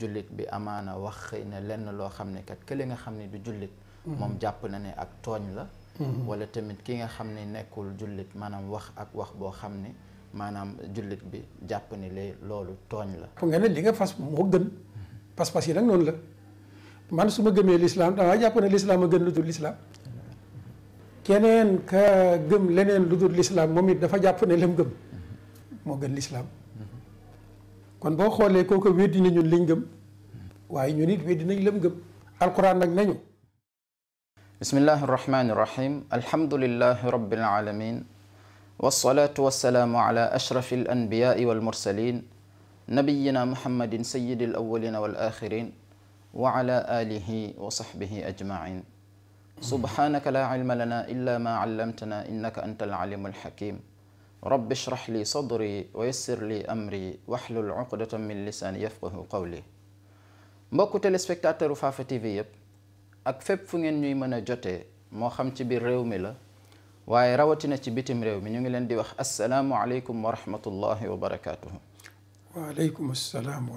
jullit bi amaana wax xëy na lenn loo xam ne kat kële nga xam ne du jullit mm-hmm. moom jàpp na ne ak tooñ la mm-hmm. wala tamit ki nga xam ne nekkul jullit maanaam wax ak wax boo xam ne maanaam jullit bi jàpp ni lay loolu tooñ la fu nga ne li nga fas gën pas-pas yi nag noonu la man su ma gëmee lislaam dama jàpp ne lislaam a gën lu dul lislaam keneen ka gëm leneen lu dul lislaam moom it dafa jàpp ne lam gëm moo gën lislaam kon boo xoolee kooku weddi na ñun liñ gëm waaye ñun it weddi nañ lam gëm alquran nag nañu bismillahi arrahmani irrahim alhamdulilahi rabbil alamin wasalaatu wasalaamu ala ashrafi al anbiyaai walmursalin nabiyina muhammadin sayidi al awalina wal axirin wa ala alihi wa sahbihi ajmain subhanaka la ilma lana illa ma allamtana innaka anta al alimu alhakim rabbi shrah li sadri wa yassir li amri waxlul uqdatan min lisaani yafqahu qawli mbokku téléspectateur u Fafa TV yëpp ak fépp fu ngeen ñuy mën a jotee moo xam ci biir réew mi la waaye rawatina ci bitim réew mi ñu ngi leen di wax asalaamualeykum wa rahmatullahi wa barakatuhu waaleykum salaam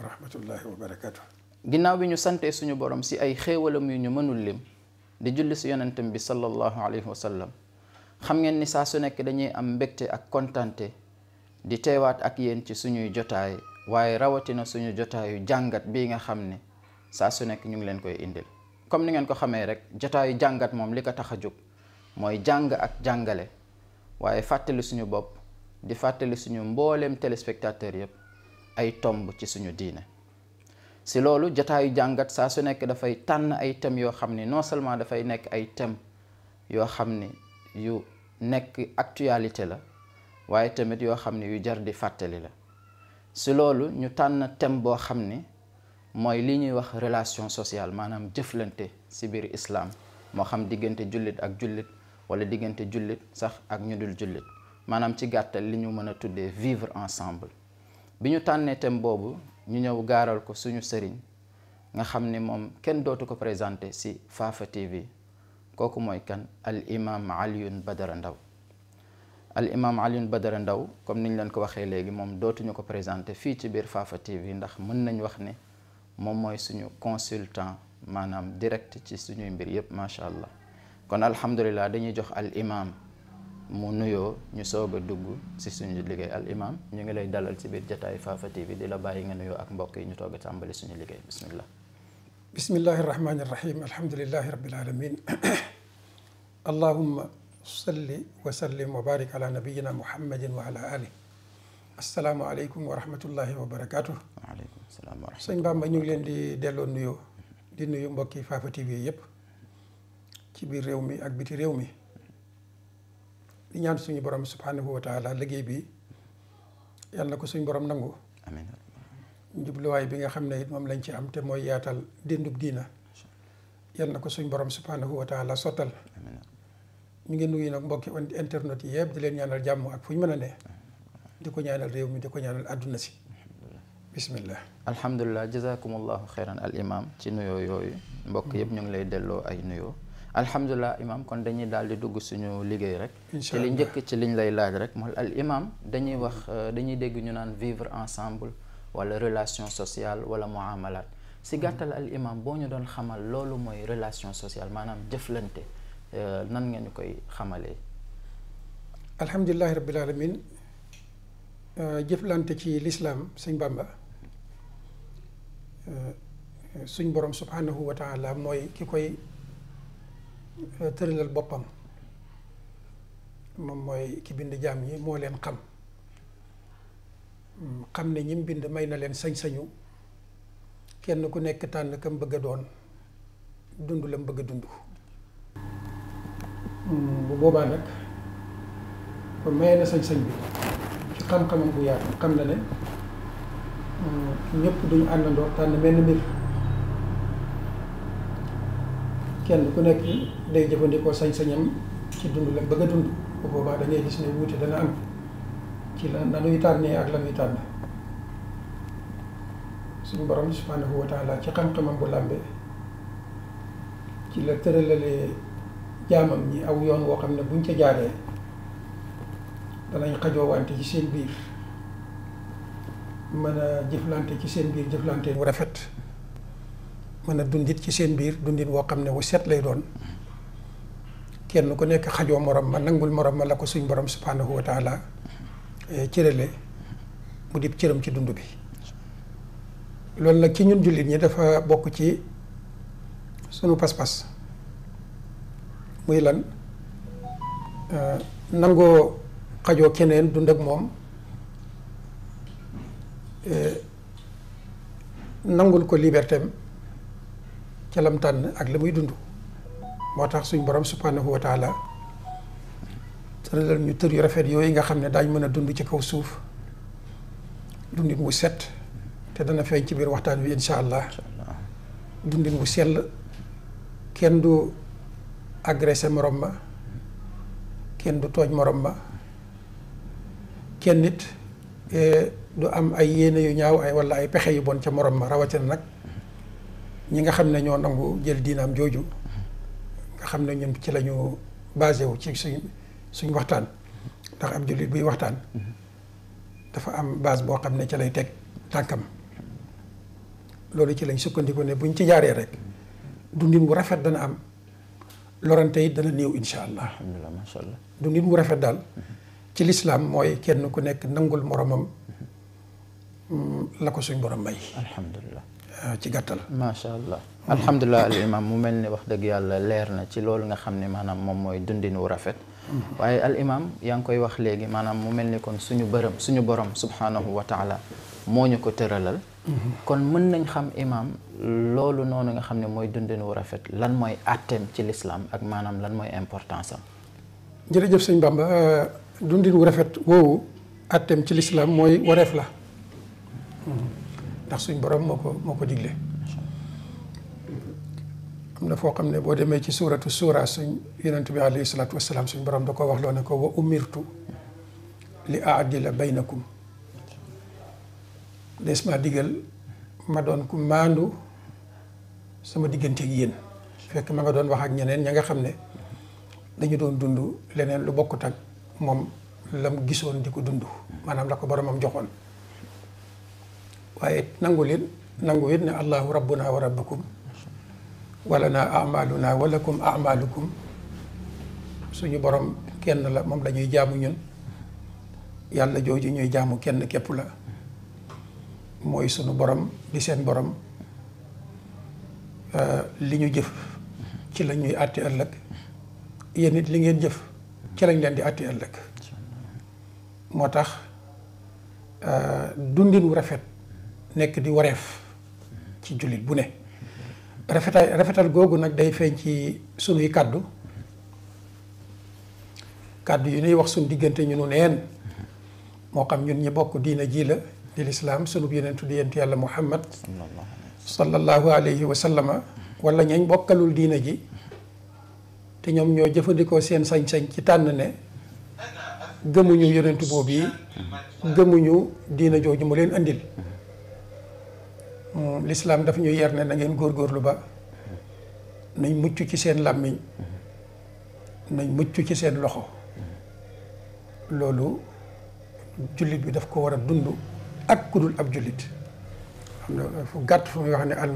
ginnaaw bi ñu sante suñu borom si ay xéewalam yu ñu mënul lim di julli si yonentam bi sallallahu alayhi wa xam ngeen ni saa su nekk dañuy am mbégte ak kontante di teewaat ak yéen ci suñuy jotaay waaye rawatina suñu jotaayu jàngat bii nga xam ne saa su nekk ñu ngi leen koy indil comme ni ngeen ko xamee rek jotaayu jàngat moom li ko tax a jóg mooy jàng ak jàngale waaye fàttali suñu bopp di fàttali suñu mbooleem téléspectateur yépp ay tomb ci suñu diine si loolu jotaayu jàngat saa su nekk dafay tànn ay thèmes yoo xam ni non seulement dafay nekk ay thèmes yoo xam ni yu nekk actualité la waaye tamit yoo xam ne yu jar di fàttali la si loolu ñu tànn thème boo xam ne mooy li ñuy wax relation sociale maanaam jëflante si biir islam moo xam diggante jullit ak jullit wala diggante jullit sax ak ñu dul jullit maanaam ci gàttal li ñu mën a tuddee vivre ensemble bi ñu tànnee thème boobu ñu ñëw gaaral ko suñu sëriñ nga xam ne moom kenn dootu ko présenté si Fafa TV kooku mooy kan al imam Alioune Badara Ndao al imam Alioune Badara ndaw comme niñ leen ko waxee léegi moom dootuñu ko présenté fii ci biir Fafa TV ndax mën nañ wax ne moom mooy suñu consultant maanaam direct ci suñuy mbir yépp macha allah kon alhamdulilah dañuy jox al imam mu nuyoo ñu soog a dugg ci suñu liggéey al imam ñu ngi lay dalal ci biir jataayu Fafa TV di la bàyyi nga nuyoo ak mbokk yi ñu toog a tàmbali suñu liggéey bismillah bismillahi irrahmani irrahim alhamdulilahi rabilalamin allahuma salli wa sallim wa ala nabiyina muhammadin wa ala alih asalaamualeykum wa rahmatullahi wa barakatuh waaleykum salaam ñu ngi leen di delloo di nuyu mbokki Fafa TV yëpp ci biir réew mi ak biti réew mi ñaan suñu borom subhanahu wa taala liggéey bi yàlla na ko suñu borom nangu njubluwaay bi nga xam ne it moom lañ ci am te mooy yaatal dendub diina yal na ko suñ borom subhanahu wa taala sottal ñu ngi nuyu nag mbokki internet yi yëpp di leen ñaanal jàmm ak fu ñu mën a ne di ko ñaanal réew mi di ko ñaanal àdduna si bismillah alhamdulilah jazakumullahu xeyran al imam ci nuyoo yooyu mbokk yëpp ñu ngi lay delloo ay nuyoo alhamdulilah imam kon dañuy daal di dugg suñu liggéey rek ci li njëkk ci liñ lay laaj rek mooy al dañuy wax dañuy dégg ñu naan vivre ensemble wala relation sociale wala muamalat si gàttal al imam boo ñu doon xamal loolu mooy relation sociale maanaam jëflante euh, nan nga ñu koy xamalee alhamdulilahi rabbil alamin euh, jëflante ci lislaam sëñ Bàmba euh, suñ borom subhanahu wa taala mooy ki koy tëralal boppam moom mooy ki bind jaam yi moo leen xam xam ne mu bind may na leen sañ-sañu kenn ku nekk tànn kam bëgg doon dund la mu bëgg a dund. Hmm, bu boobaa nag kon maye sañ bi ci bu yaatu xam na ne hmm, ñëpp duñu àndandoo tànn menn ku nekk day jëfandikoo sañ-sañam ci dund la bëgg a boobaa da ngay gis ne wuute dana am. ci la nanuy tànnee ak la nuy tànn suñu borom subhanahu wa ci xam-xamam bu làmbee ci la tëralalee jaamam ñi aw yoon woo xam ne buñ ca jaaree danañ xajoowante ci seen biir mën a jëflante ci seen biir jëflante bu rafet mën a dundit ci seen biir dundit woo xam ne wu set lay doon kenn ku nekk xajoo morom ma nangul morom ma la ko suñ borom subhanahu wa Eh, cërale mu dib cëram ci dund bi loolu nag ki ñun jullit ñi dafa bokk ci sunu pas-pas muy lan eh, nangoo xajoo keneen dund ak moom eh, nangul ko libertéem celam lam tànn ak la muy dund moo tax suñu borom subhanahu wa tëralal ñu tër yu rafet yooyu nga xam ne daañ mën a dund ci kaw suuf dundin wu set te dana feeñ ci biir waxtaan wi insha allah dundin wu sell kenn du agressé morom ma kenn du tooj morom ma kenn nit e, du am ay yéene yu ñaaw ay wala ay pexe yu bon ca morom ma rawatina nag ñi nga xam ne ñoo nangu jël diinaam jooju nga xam ne ñun ci lañu basé wu ci suñu suñ waxtaan ndax am jullit buy waxtaan dafa am base boo xam ne ci lay teg tànkam loolu ci lañ sukkandiku ne buñ ci jaaree rek dundin wu rafet dana am lorante yi dana néew insha allah macha allah dundin wu rafet daal ci lislaam mooy kenn ku nekk nangul moromam mm, la ko suñ borom may alhamdulilah ah, ci gàttal macha allah alhamdulilah al imam mu mel ni wax dëgg yàlla leer na ci loolu nga xam ne maanaam moom mooy dundin wu rafet waaye al imam yaa ngi koy wax léegi maanaam mu mel ni kon suñu bërëm suñu borom subhanahu wa taala moo ñu ko tëralal kon mën nañ xam imam loolu noonu nga xam ne mooy dundin wu rafet lan mooy àtteem ci lislaam ak maanaam lan mooy importance am jërëjëf sëñ Bamba euh, dundin wu rafet woowu àtteem ci lislaam mooy wareef la hmm. ndax suñ borom moo ko moo ko digle am na foo xam ne boo demee ci suuratu suura suñ yonent bi alayhi salaatu wasalaam suñ borom da ko wax loo ne ko wa umirtu li aadila baynakum des ma digal ma doon ku maandu sama diggante ak yéen fekk ma nga doon wax ak ñeneen ña nga xam ne dañu doon dund leneen lu bokkut ak moom lam gisoon di ko dund maanaam la ko boromam joxoon waaye nangu leen nangu it ne allahu rabbuna wa rabbukum walana amaluna walakum amalukum suñu borom kenn la moom la ñuy jaamu ñun yàlla jooju ñuy jaamu kenn képp la mooy sunu borom di seen borom euh, li ñu jëf ci la ñuy àtte ëllëg yéen it li ngeen jëf ci lañ leen di àtte ëllëg moo tax euh, dundin wu rafet nekk di woreef ci jullit bu ne rafetal rafetal googu nag day feeñ ci sunuy kàddu kàddu yu ñuy wax suñ diggante ñu nu neen moo xam ñun ñi bokk diina ji la di lislaam sunu yonentu di yonent yàlla muhammad sallallahu alayhi wa sallama wala ñañ bokkalul diina ji te ñoom ñoo jëfandikoo seen sañ-sañ ci tànn ne gëmuñu yonentu boobu yi gëmuñu diina jooju mu leen indil Mm, lislaam daf ñu yar ne na ngeen góorgóorlu ba nañ mucc ci seen làmmiñ nañ mucc ci seen loxo loolu jullit bi daf ko war a dund ak kudul ab jullit xam na fu gàtt fu muy wax ne al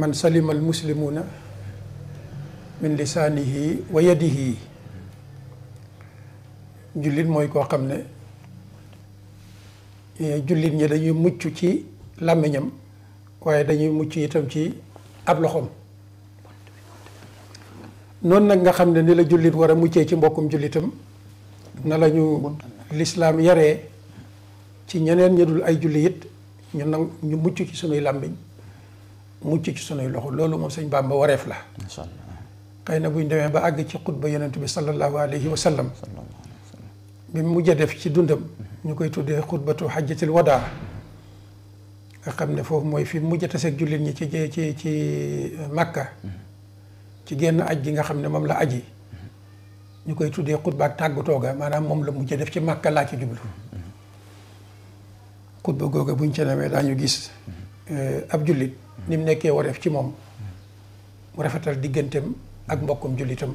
man salima al muslimuna min lisaanihi wa yadihi jullit mooy koo xam ne eh, jullit ñi dañuy mucc ci làmbiñam waaye dañuy mucc itam ci ab loxoom noonu nag nga xam ne ni la jullit war a muccee ci mbokkum jullitam na la ñu lislaam yaree ci ñeneen ñi dul ay jullit it ñu nag ñu mucc ci sunuy làmbiñ mucc ci sunuy loxo loolu moom sëñ ba wareef la masha Allah na bu ñu demee ba àgg ci xutba yonent bi sallallahu alayhi wa sallam bi mujj def ci dundam ñu koy tuddee xutbatu xajjatil wadaa nga xam ne foofu mooy fi mujj a taseeg jullit ñi ci ci ci Makka mm-hmm. ci génn aj gi nga xam ne moom la aji mm-hmm. ñu koy tuddee xutba ak tàggatoo ga maanaam moom la mujj def ci Makka laa ci jublu mm-hmm. xutba googa buñ ca demee daañu gis eh, ab jullit ni mu nekkee wareef ci moom mu rafetal digganteem ak mbokkum jullitam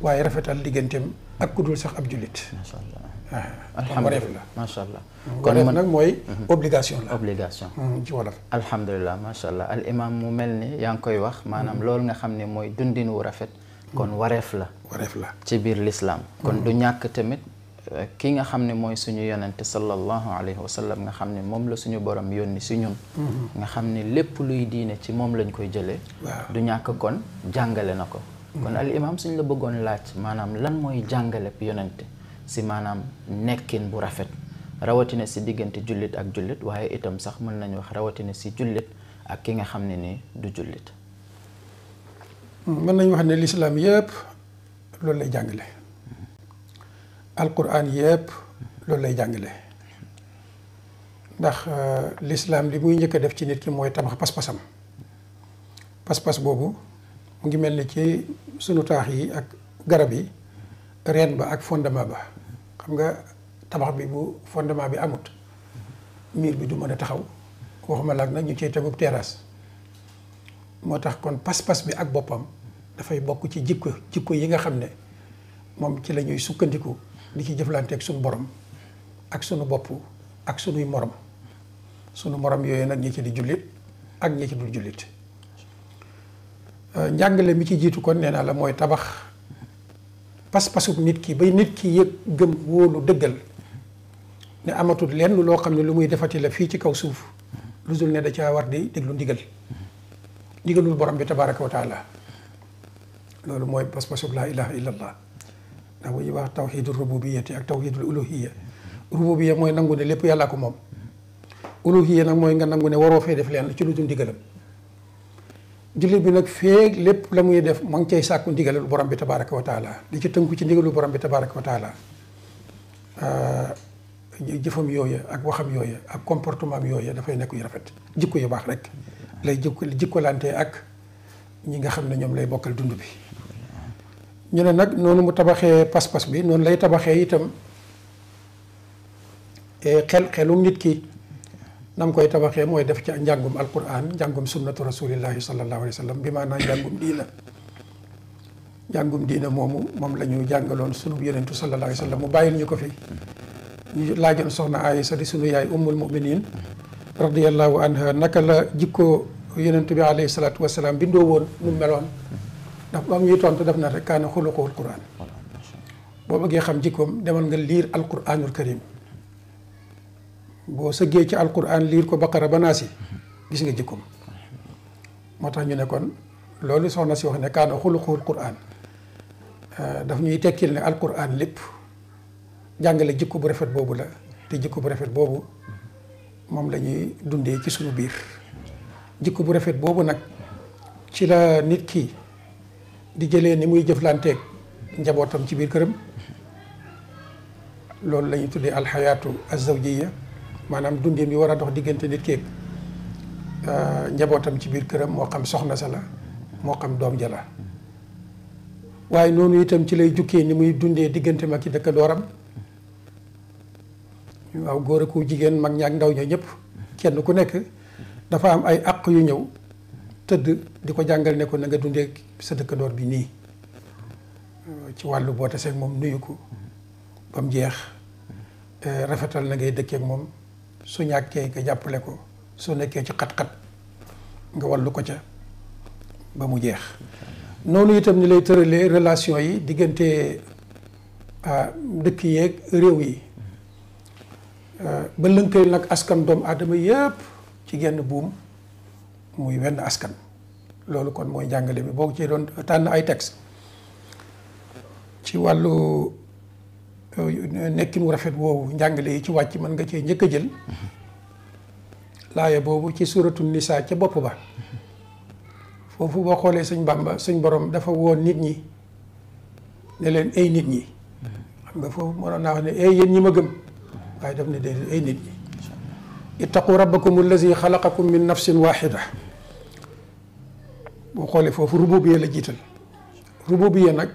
waaye rafetal digganteem ak ku dul sax ab jullit. macha alhamdulilah macha allah kon man nag mooy mhm. obligation obligation mhm, ci wolof macha allah al imam mu mel ni yaa ngi koy wax maanaam mhm. loolu nga xam ne mooy dundin wu rafet kon wareef la wareef la ci biir lislaam kon du ñàkk tamit euh, ki nga xam ne mooy suñu yonente sallallahu alayhi wa sallam nga xam ne moom la suñu borom yónni si ñun nga xam ne lépp luy diine ci moom lañ koy jëlee du ñàkk kon jàngale na ko kon al imam suñ la bëggoon laaj maanaam lan mooy jàngale bi si maanaam nekkin bu rafet rawatina si diggante jullit ak jullit waaye itam sax mën nañu wax rawatina si jullit ak ki nga xam ne nii du jullit. mën nañu wax ne lislaam yëpp loolu lay jàngale. alquran yëpp loolu lay jàngale. ndax euh, lislaam li muy njëkk def ci nit ki mooy tabax pas-pasam pas-pas boobu mu ngi mel ni ci sunu taax yi ak garab yi reen ba ak fondement ba xam nga tabax bi bu fondement bi amut miir bi du mën a taxaw waxuma laag nag ñu cee tegub terrasse moo tax kon pas-pas bi ak boppam dafay bokk ci jikko jikko yi nga xam ne moom ci lañuy sukkandiku di ci jëflante ak suñu borom ak sunu bopp ak sunuy morom sunu morom yooyu nag ñi ci di jullit ak ñi ci dul jullit njàngale mi ci jiitu kon nee naa la mooy tabax pas-pasub nit ki ba nit ki yëg gëm wóolu dëggal ne amatul lenn loo xam ne lu muy defati la fii ci kaw suuf lu dul ne da caa war di déglu ndigal ndigalul borom bi tabaraka wa loolu mooy pas-pasub laa ilaha illa allah ndax bu ñuy wax tawxidul rububiyati ak tawxidul uluhiya rububiya mooy nangu ne lépp yàllaa ko moom uluhiya nag mooy nga nangu ne waroo fee def lenn ci lu dul ndigalam jullit bi nag feeg lépp la muy def ma ngi cay sàkku ndigalul borom bi tabaraka wa li ci tënku ci ndigalul borom bi tabaraka wa taala ah, jëfam yooyu ak waxam yooyu ak comportement am yooya dafay nekk yu rafet jikko yu baax rek lay jikko jikkolante ak ñi nga xam ne ñoom lay bokkal dund bi ñu ne nag noonu mu tabaxee pas-pas bi noonu lay tabaxee itam eh, xel xelum nit ki nam koy tabaxee mooy def ca njàngum alquran njàngum sunnatu rasulillahi sallallahu alayhi wa sallam bi maanaam njàngum diina njàngum diina moomu moom la ñu jàngaloon sunu yonentu sallallahu alayhi wa sallam mu bàyyil ñu ko fi ñu soxna Aysa di sunu yaay ummul muminin radiallahu anha naka la jikkoo yonentu bi alayhi salatu wasalaam bindoo woon nu meloon ndax ba ñuy tontu def na rek kaana xuluqul quran boo bëggee xam jikkoom demal nga liir alquranul karim boo sëggee ci alquran liir ko baqara ba naasi gis nga jikkoom moo tax ñu nekkoon kon loolu soxna si wax ne kaana xuluqul quran euh, daf ñuy tekkil ne alquran lépp jàngale jikko bu rafet boobu la te jikko bu rafet boobu moom la dundee ci suñu biir jikko bu rafet boobu nag ci la nit ki di jëlee ni muy jëflanteeg njabootam ci biir këram loolu la ñuy tuddee alxayaatu azzawjiya maanaam dundin bi war a dox diggante nit keeg euh, njabootam ci biir këram moo xam soxna sa la moo xam doom ja la waaye noonu itam ci lay jukkee ni muy dundee diggante mag ci dëkkandooram waaw góor ak jigéen mag ñaak ndaw ña ñëpp kenn ku nekk dafa am ay àq yu ñëw tëdd di ko jàngal ne ko na nga dundee sa dëkkandoor bi nii ci wàllu boote seeg moom nuyu ko ba mu jeex euh, rafetal na ngay dëkkeek moom su ñàkkee nga jàppale ko su nekkee ci xat-xat nga wallu ko ca ba mu jeex noonu itam ni lay tëralee relation yi diggante ah, dëkk yeeg réew yi ba lënkale nag askan doom aadama yépp ci genn buum muy wenn askan loolu kon mooy njàngale bi boo ci doon tànn ay texte ci wàllu Euh, nekkin mu rafet woowu njàngale yi ci wàcc mën nga cee njëkk a jël laaya boobu ci suratu nisaa ca bopp ba foofu boo xoolee suñ bàmba suñ borom dafa woon nit ñi ne leen ay nit ñi xam nga foofu mënoon naa wax ne ay yéen ñi ma gëm waaye daf ne déedéet ay nit ñi ittaqu rabbakum allazi xalaqakum min nafsin waxida boo xoolee foofu rububiya la jiital rububiya nag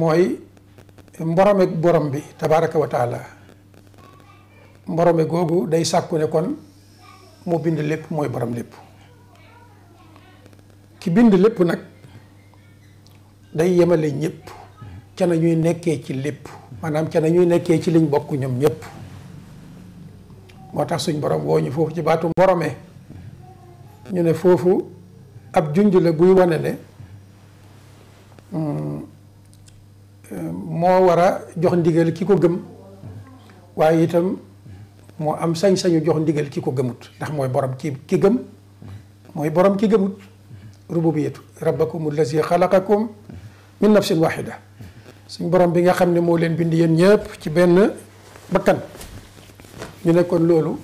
mooy mborome borom bi tabaraka wa taala mborome googu day sàkku ne kon moo bind lépp mooy borom lépp ki bind lépp nag day yemale ñépp ca na ñuy nekkee ci lépp maanaam ca na ñuy nekkee ci liñ bokk ñoom ñëpp moo tax suñ borom woo ñu foofu ci baatu mborome ñu ne foofu ab junj la buy wane ne hmm, moo war a jox ndigal ki ko gëm waaye itam moo am sañ-sañu jox ndigal ki ko gëmut ndax mooy borom ki ki gëm mooy borom ki gëmut rububiyatu rabbakum allazi xalaqakum min nafsin waxida suñ borom bi nga xam ne moo leen bind yéen ñëpp ci benn bakkan ñu nekkoon loolu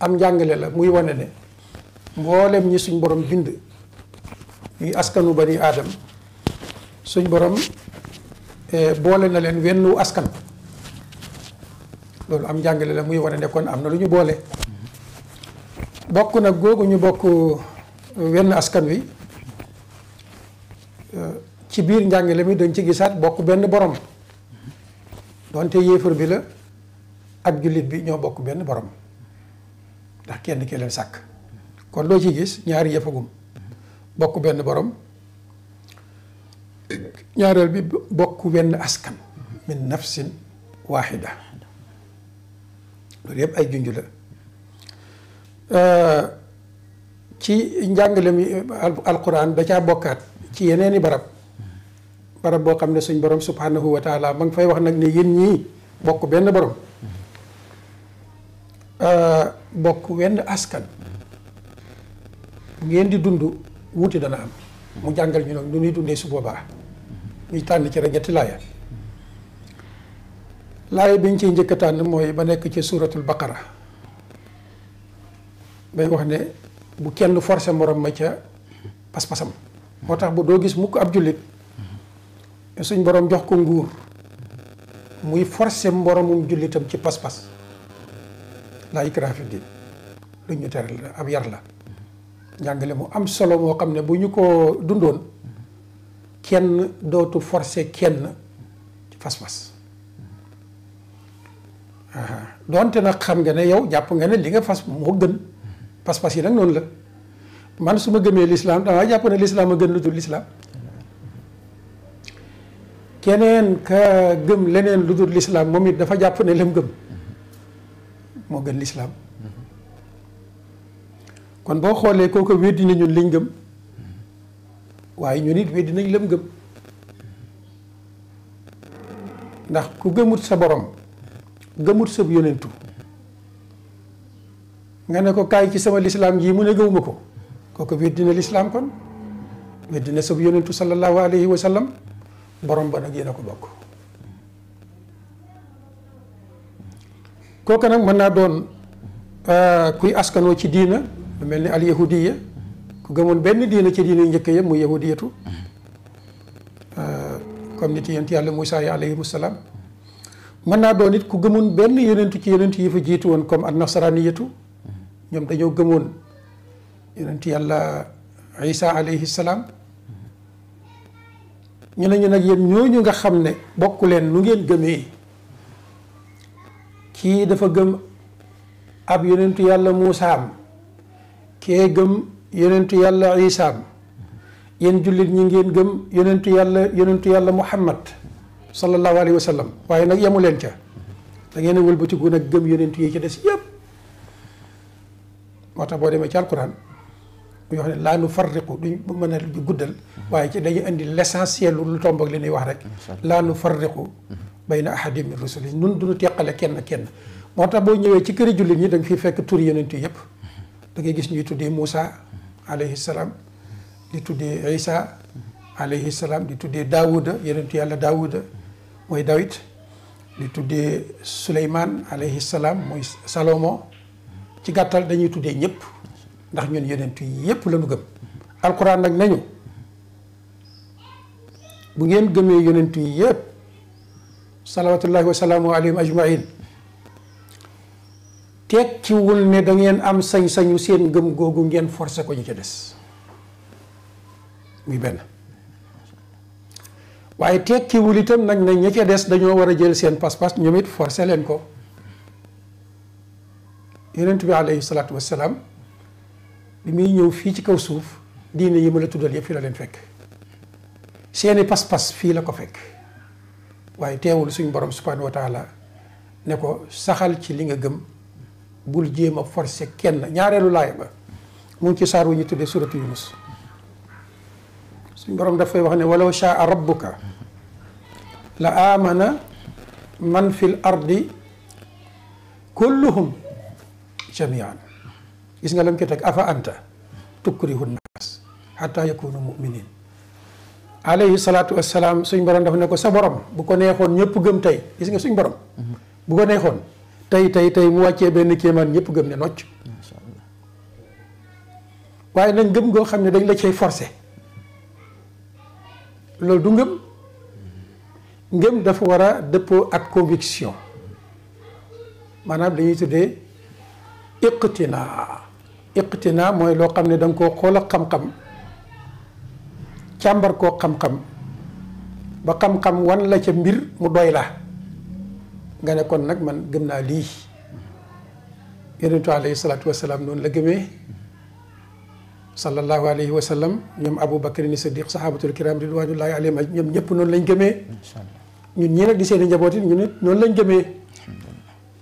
am njàngale la muy wane ne mboolem ñi suñ borom bind ñuy askanu bani aadam suñ borom boole na leen wenn askan loolu am njàngale la muy wane ne kon am na lu ñu boole bokk nag googu ñu bokk euh, wenn askan wi euh, ci biir njàngale mi dañ ci gisaat bokk benn borom donte yéefar bi la ak jullit bi ñoo bokk benn borom ndax kenn ki leen sàkk kon loo ci gis ñaari yëfagum bokk benn boroom ñaareel bi bokk wenn askan min nafsin waaxida loolu yëpp ay junju la euh, ci njàngale mi alquran da caa bokkaat ci yeneeni barab barab boo xam ne suñ borom subhanahu wataala taala ma ngi fay wax nag ne yéen ñii bokk benn borom euh, bokk wenn askan ngeen di dund wuti dana am mu jàngal ñu nag nu ñuy dundee su boobaa ñu tànn ci rek ñetti laaya laaya bi ñu ciy njëkk a tànn mooy ba nekk ci suuratul baqara bay wax ne bu kenn forcé morom ma ca pas-pasam moo tax bu doo gis mukk ab jullit suñ borom jox ko nguur muy forcé moromum jullitam ci pas-pas laa ikraha fi diin lu ñu tere ab yar la njàngale mu am solo moo xam ne bu ñu ko dundoon kenn dootu forcer kenn ci fas-fas donte nag xam nga ne yow jàpp nga ne li nga fas moo gën fas-fas yi nag noonu la man su ma gëmee lislaam damaa jàpp ne lislaam a gën lu dul lislaam keneen ka gëm leneen lu dul lislaam moom it dafa jàpp ne lam gëm moo gën lislaam mhm. kon boo xoolee kooku weddi na ñun liñ gëm waaye ñun it weddi nañ lam gëm ndax ku gëmut sa borom gëmut sa yonentu nga ne ko kaay ci sama lislaam ji mu ne gëwuma ko kooku weddi na lislaam kon weddi na sa yonentu sallallahu alayhi wa borom ba nag yéen ko bokk kooku nag mën naa doon ah, kuy askanoo ci diina lu mel ni al yahudiya gëmoon benn diina ci diina njëkk yëpp mu yahudiyatu euh, comme nit yent yàlla Moussa yi alayhimu salaam mën naa doon it ku gëmoon benn yonentu ci yonent yi fa jiitu woon comme ak nasaraaniyatu ñoom dañoo gëmoon yonent yàlla Isa alayhi salaam ñu ne ñu nag yéen ñooñu nga xam ne bokk leen nu ngeen gëmee kii dafa gëm ab yonentu yàlla Muusaam kee gëm yeneen yonentu yàlla Isa yéen jullit ñi ngeen gëm yeneen yonentu yàlla yonentu yàlla Muhammad sallallahu alayhi wa sallam waaye nag yemu leen ca da ngeen a wëlbatiku nag gëm yonentu yi ca des yëpp moo tax boo demee ci alquran muy wax ne laa nu farriqu duñ mën a guddal waaye ci dañuy indi l'essentiel lu tomb ak li wax rek laa nu farriqu bayna ahadin min rusuli nun duñu teqale kenn kenn moo tax boo ñëwee ci këri jullit ñi da nga fiy fekk tur yonentu yëpp da ngay gis ñuy tuddee Moussa alayhi salaam di tuddee Isa alayhi salaam di tuddee Daawuda yonentu yàlla Daawuda mooy Dawit di tuddee Suleymaan alayhi salaam mooy Salomo ci gàttal dañuy tuddee ñëpp ndax ñun yonentu yëpp la ñu gëm alquran nag nañu bu ngeen gëmee yonentu yi yëpp salawatullahi wa salaamu ajmain tekkiwul ne da ngeen am sañ-sañu seen gëm googu ngeen forcé ko ñu ca des muy benn waaye tekkiwul itam nag na ñu ca des dañoo war a jël seen pas-pas ñoom it forcé leen ko yonent bi alayhi salaatu wassalaam bi muy ñëw fii ci kaw suuf diine yi ma la tuddal yëpp fii la leen fekk seeni pas-pas fii la ko fekk waaye teewul suñu borom subhanahu wa ne ko saxal ci li nga gëm bul jéem a kenn ñaareelu laay ba mu ci saar wu ñu tuddee suratu yunus suñ borom dafay wax ne walaw shaa rabbuka la amana man fil ardi kulluhum jamian gis nga lam ci teg afa anta tukrihu nnaas xata yakunu muminin alayhi salaatu wassalaam suñ borom daf ne ko sa borom bu ko neexoon ñëpp gëm tey gis nga suñ borom bu ko neexoon tey tey tey mu wàccee benn kéemaan ñëpp gëm ne nocc waaye nag ngëm goo xam ne dañ la cay forcé loolu du ngëm ngëm dafa war a dëppoo ak conviction maanaam dañuy tuddee iqtinaa naa mooy loo xam ne da ko koo xool xam-xam càmbar koo xam-xam ba xam-xam wan la ca mbir mu doy la nga ne kon nag man gëm naa lii yonentu alayhi salaatu wasalaam noonu la gëmee sallallahu alayhi wa sallam ñoom abou bakar ni siddiq sahabatul kiram ridwanullahi alayhim ñoom ñëpp noonu lañ gëmee ñun ñii nag di seeni njaboot yi ñu nit noonu lañ gëmee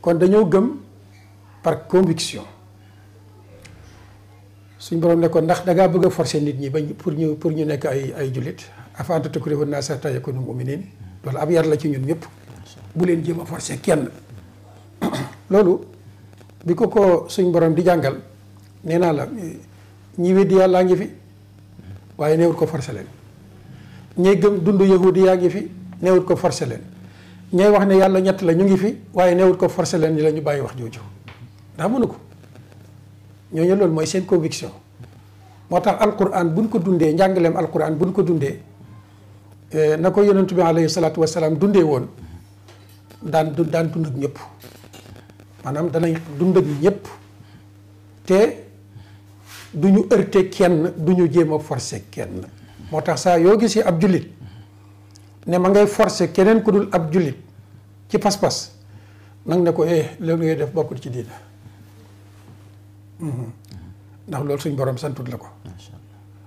kon dañoo gëm par conviction suñ borom ne ko ndax dangaa bëgg a nit ñi ba pour ñu pour ñu nekk ay ay jullit afa anta tukrihun naasa hatta yakunu mu'minin loolu ab yar la ci ñun ñëpp bu leen jéem a kenn loolu bi ko ko suñ borom di jàngal nee naa la ñi weddi yàllaa ngi fi waaye newut ko forcer leen ñay gëm dund yahudi yaa ngi fi neewut ko forcer leen wax ne yàlla ñett la ñu ngi fi waaye newut ko forcer leen ni la ñu bàyyi wax jooju ndax mënu ko ñooñu loolu mooy seen conviction moo tax alquran buñ ko dundee njàngaleem alquran buñ ko dundee eh, na ko yonentu bi alayhi salaatu wasalaam dundee woon daan daan dund ak ñëpp maanaam danañ dund ak ñëpp te du ñu heurter kenn du ñu jéem a kenn moo tax saa yoo gis gisee ab jullit ne ma ngay forcer keneen ku dul ab jullit ci pas-pas nag ne ko eh loolu ngay def bokkul ci diina mhm. ndax loolu suñ boroom santut la ko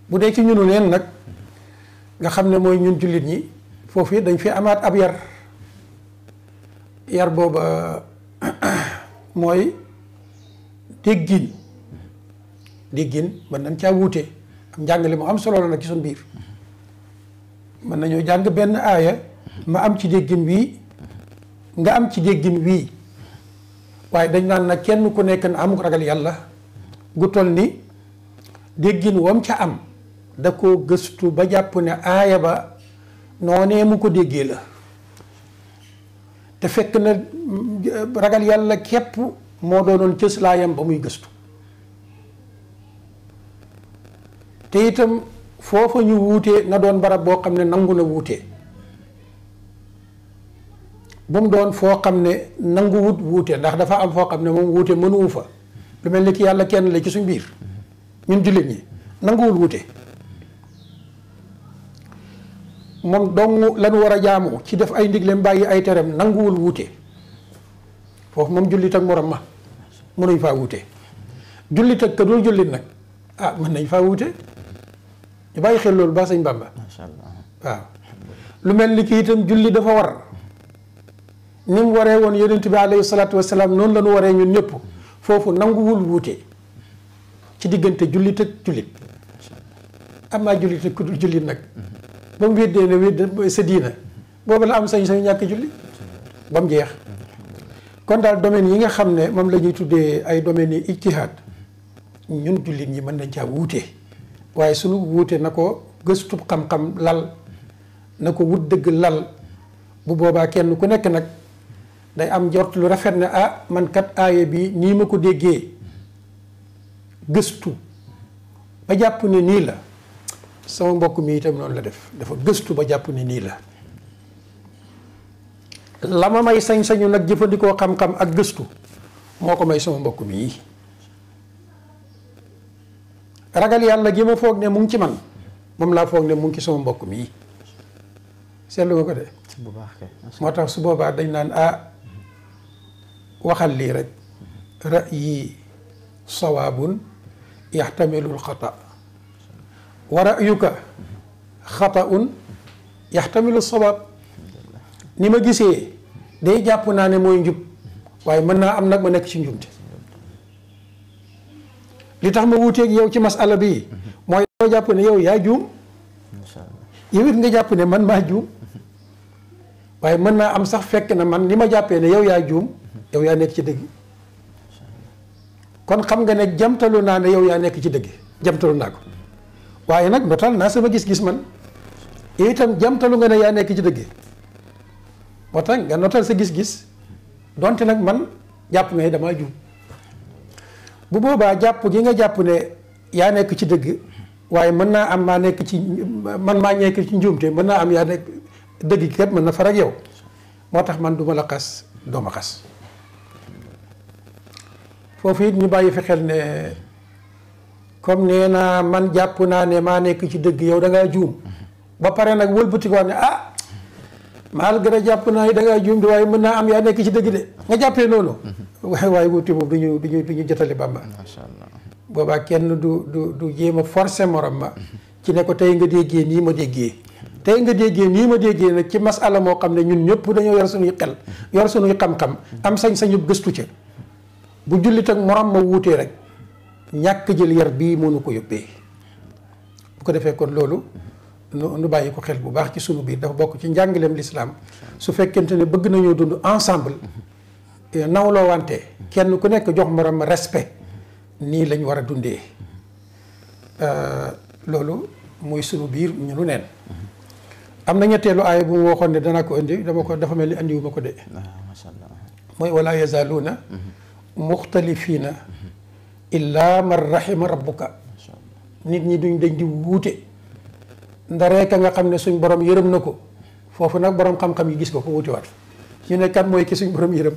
bu dee ci ñunu neen nag nga xam ne mooy ñun jullit ñi foofu dañ fi amaat ab yar yar booba mooy déggin déggin mën nañ caa wuute am njàngale mu am solo la nag ci suñ biir mën nañu jàng benn aaya ma am ci déggin wii nga am ci déggin wii waaye dañ naan nag kenn ku nekk na am ragal yàlla gu toll ni déggin wam ca am da ko gëstu ba jàpp ne aaya ba noonee mu ko déggee la te fekk na ragal yàlla képp moo doonoon cës laayam ba muy gëstu te itam foofa ñu wuutee na doon barab boo xam ne nangu na wuutee bu mu doon foo xam ne nangu wut wuute ndax dafa am foo xam ne moom wuute mënuwu fa lu mel ni ki yàlla kenn la ci suñ biir ñun jullit ñi nanguwul wuute moom dong lañu war a jaamu ci def ay ndigleem bàyyi ay tereem nanguwul wuute foofu moom jullit ak morom ma mënuñ faa wuute jullit ak ka jullit nag ah mën nañ faa wuute ñu bàyyi xel loolu baa sëñ Bàmba waaw lu mel ni kii itam julli dafa war ni mu waree woon yonent bi alayhi salaatu wasalaam noonu la ñu waree ñun ñëpp foofu nanguwul wuute ci diggante jullit ak jullit am naa jullit ak ku jullit nag mm-hmm. ba mu weddee ne wedd sa diina boobu la am sañ-sañ ñàkk julli ba mu jeex kon daal domaine yi nga xam ne moom la ñuy tuddee ay domaines yi ijtihaad ñun jullit ñi mën nañ caa wuute waaye suñu wuute na ko gëstu xam-xam lal na ko wut dëgg lal bu boobaa kenn ku nekk nag day am jort lu rafet ne ah mankat kat aaya bi nii ma ko déggee gëstu ba jàpp ne nii la sama mbokk mii itam noonu la def dafa gëstu ba jàpp ne nii la la ma may sañ-sañu nag jëfandikoo xam-xam ak gëstu moo ko may sama mbokk mii ragal yàlla gi ma foog ne mu ci man moom laa foog ne mu ngi ci sama mbokk mii seetlu nga ko de bu baax moo tax su boobaa dañ naan ah waxal lii rek ra'yi sawaabun yaxtamilul xata wa rayuka xataun yaxtamilu sawaab ni ma gisee day jàpp naa ne mooy njub waaye mën naa am nag ma nekk ci njubte li tax ma wuuteeg yow ci masala bi mooy yow jàpp ne yow yaa juum yow it nga jàpp ne man maa juum waaye mën naa am sax fekk na man li ma jàppee ne yow yaa juum yow yaa nekk ci dëgg kon xam nga ne jamtalu naa ne yow yaa nekk ci dëgg jamtalu naa ko waaye nag notal naa sama gis-gis man itam jamtalu nga ne yaa nekk ci dëgg moo tax nga notal sa gis-gis donte nag man jàpp nga ne damaa juum bu boobaa jàpp gi nga jàpp ne yaa nekk ci dëgg waaye mën naa am maa nekk ci man maa nekk ci njuumte mën naa am yaa nekk dëgg gi kat mën na far ak yow moo tax man du ma la xas doo ma xas foofu it ñu bàyyi fi xel ne. comme nee naa man jàpp naa ne maa nekk ci dëgg yow da juum ba pare nag wëlbatikuwaat ne ah malgré jàpp naa ne da ngaa juum de waaye mën naa am yaa nekk ci dëgg de nga jàppee noonu. waaye waaye wuti boobu du ñu du ñu du ñu jotali Bàmba. macha allah boobaa kenn du du du jéem a forcer morom ma. ci ne ko tey nga déggee nii ma déggee. tey nga déggee nii ma déggee nag ci masala moo xam ne ñun ñëpp dañoo yor suñuy xel. yor suñuy xam-xam. am sañ-sañu gëstu ca. bu jullit ak morom ma wuutee rek. ñàkk jël yar bii mënu ko yóbbee bu ko defee kon loolu nu bàyyi ko xel bu baax ci sunu biir dafa bokk ci njàngaleem lislaam su fekkente ne bëgg nañoo dund ensemble eh, nawloo wante kenn ku nekk jox morom respect nii lañu war a dundee euh, loolu muy sunu biir ñu nu neen am na ñetteelu aaya bu mu waxoon ne danaa ko indi dama ko dafa mel ni indiwuma ko de. Ah, macha allah mooy wala yazaluuna mhm. muxtalifiina illaa ma rahima rabbuka nit ñi duñ dañ di wuute nda ka nga xam ne suñ borom yërëm na ko foofu nag borom xam-xam yi gis ko ko wuute waat ñu ne mooy ki suñ borom yërëm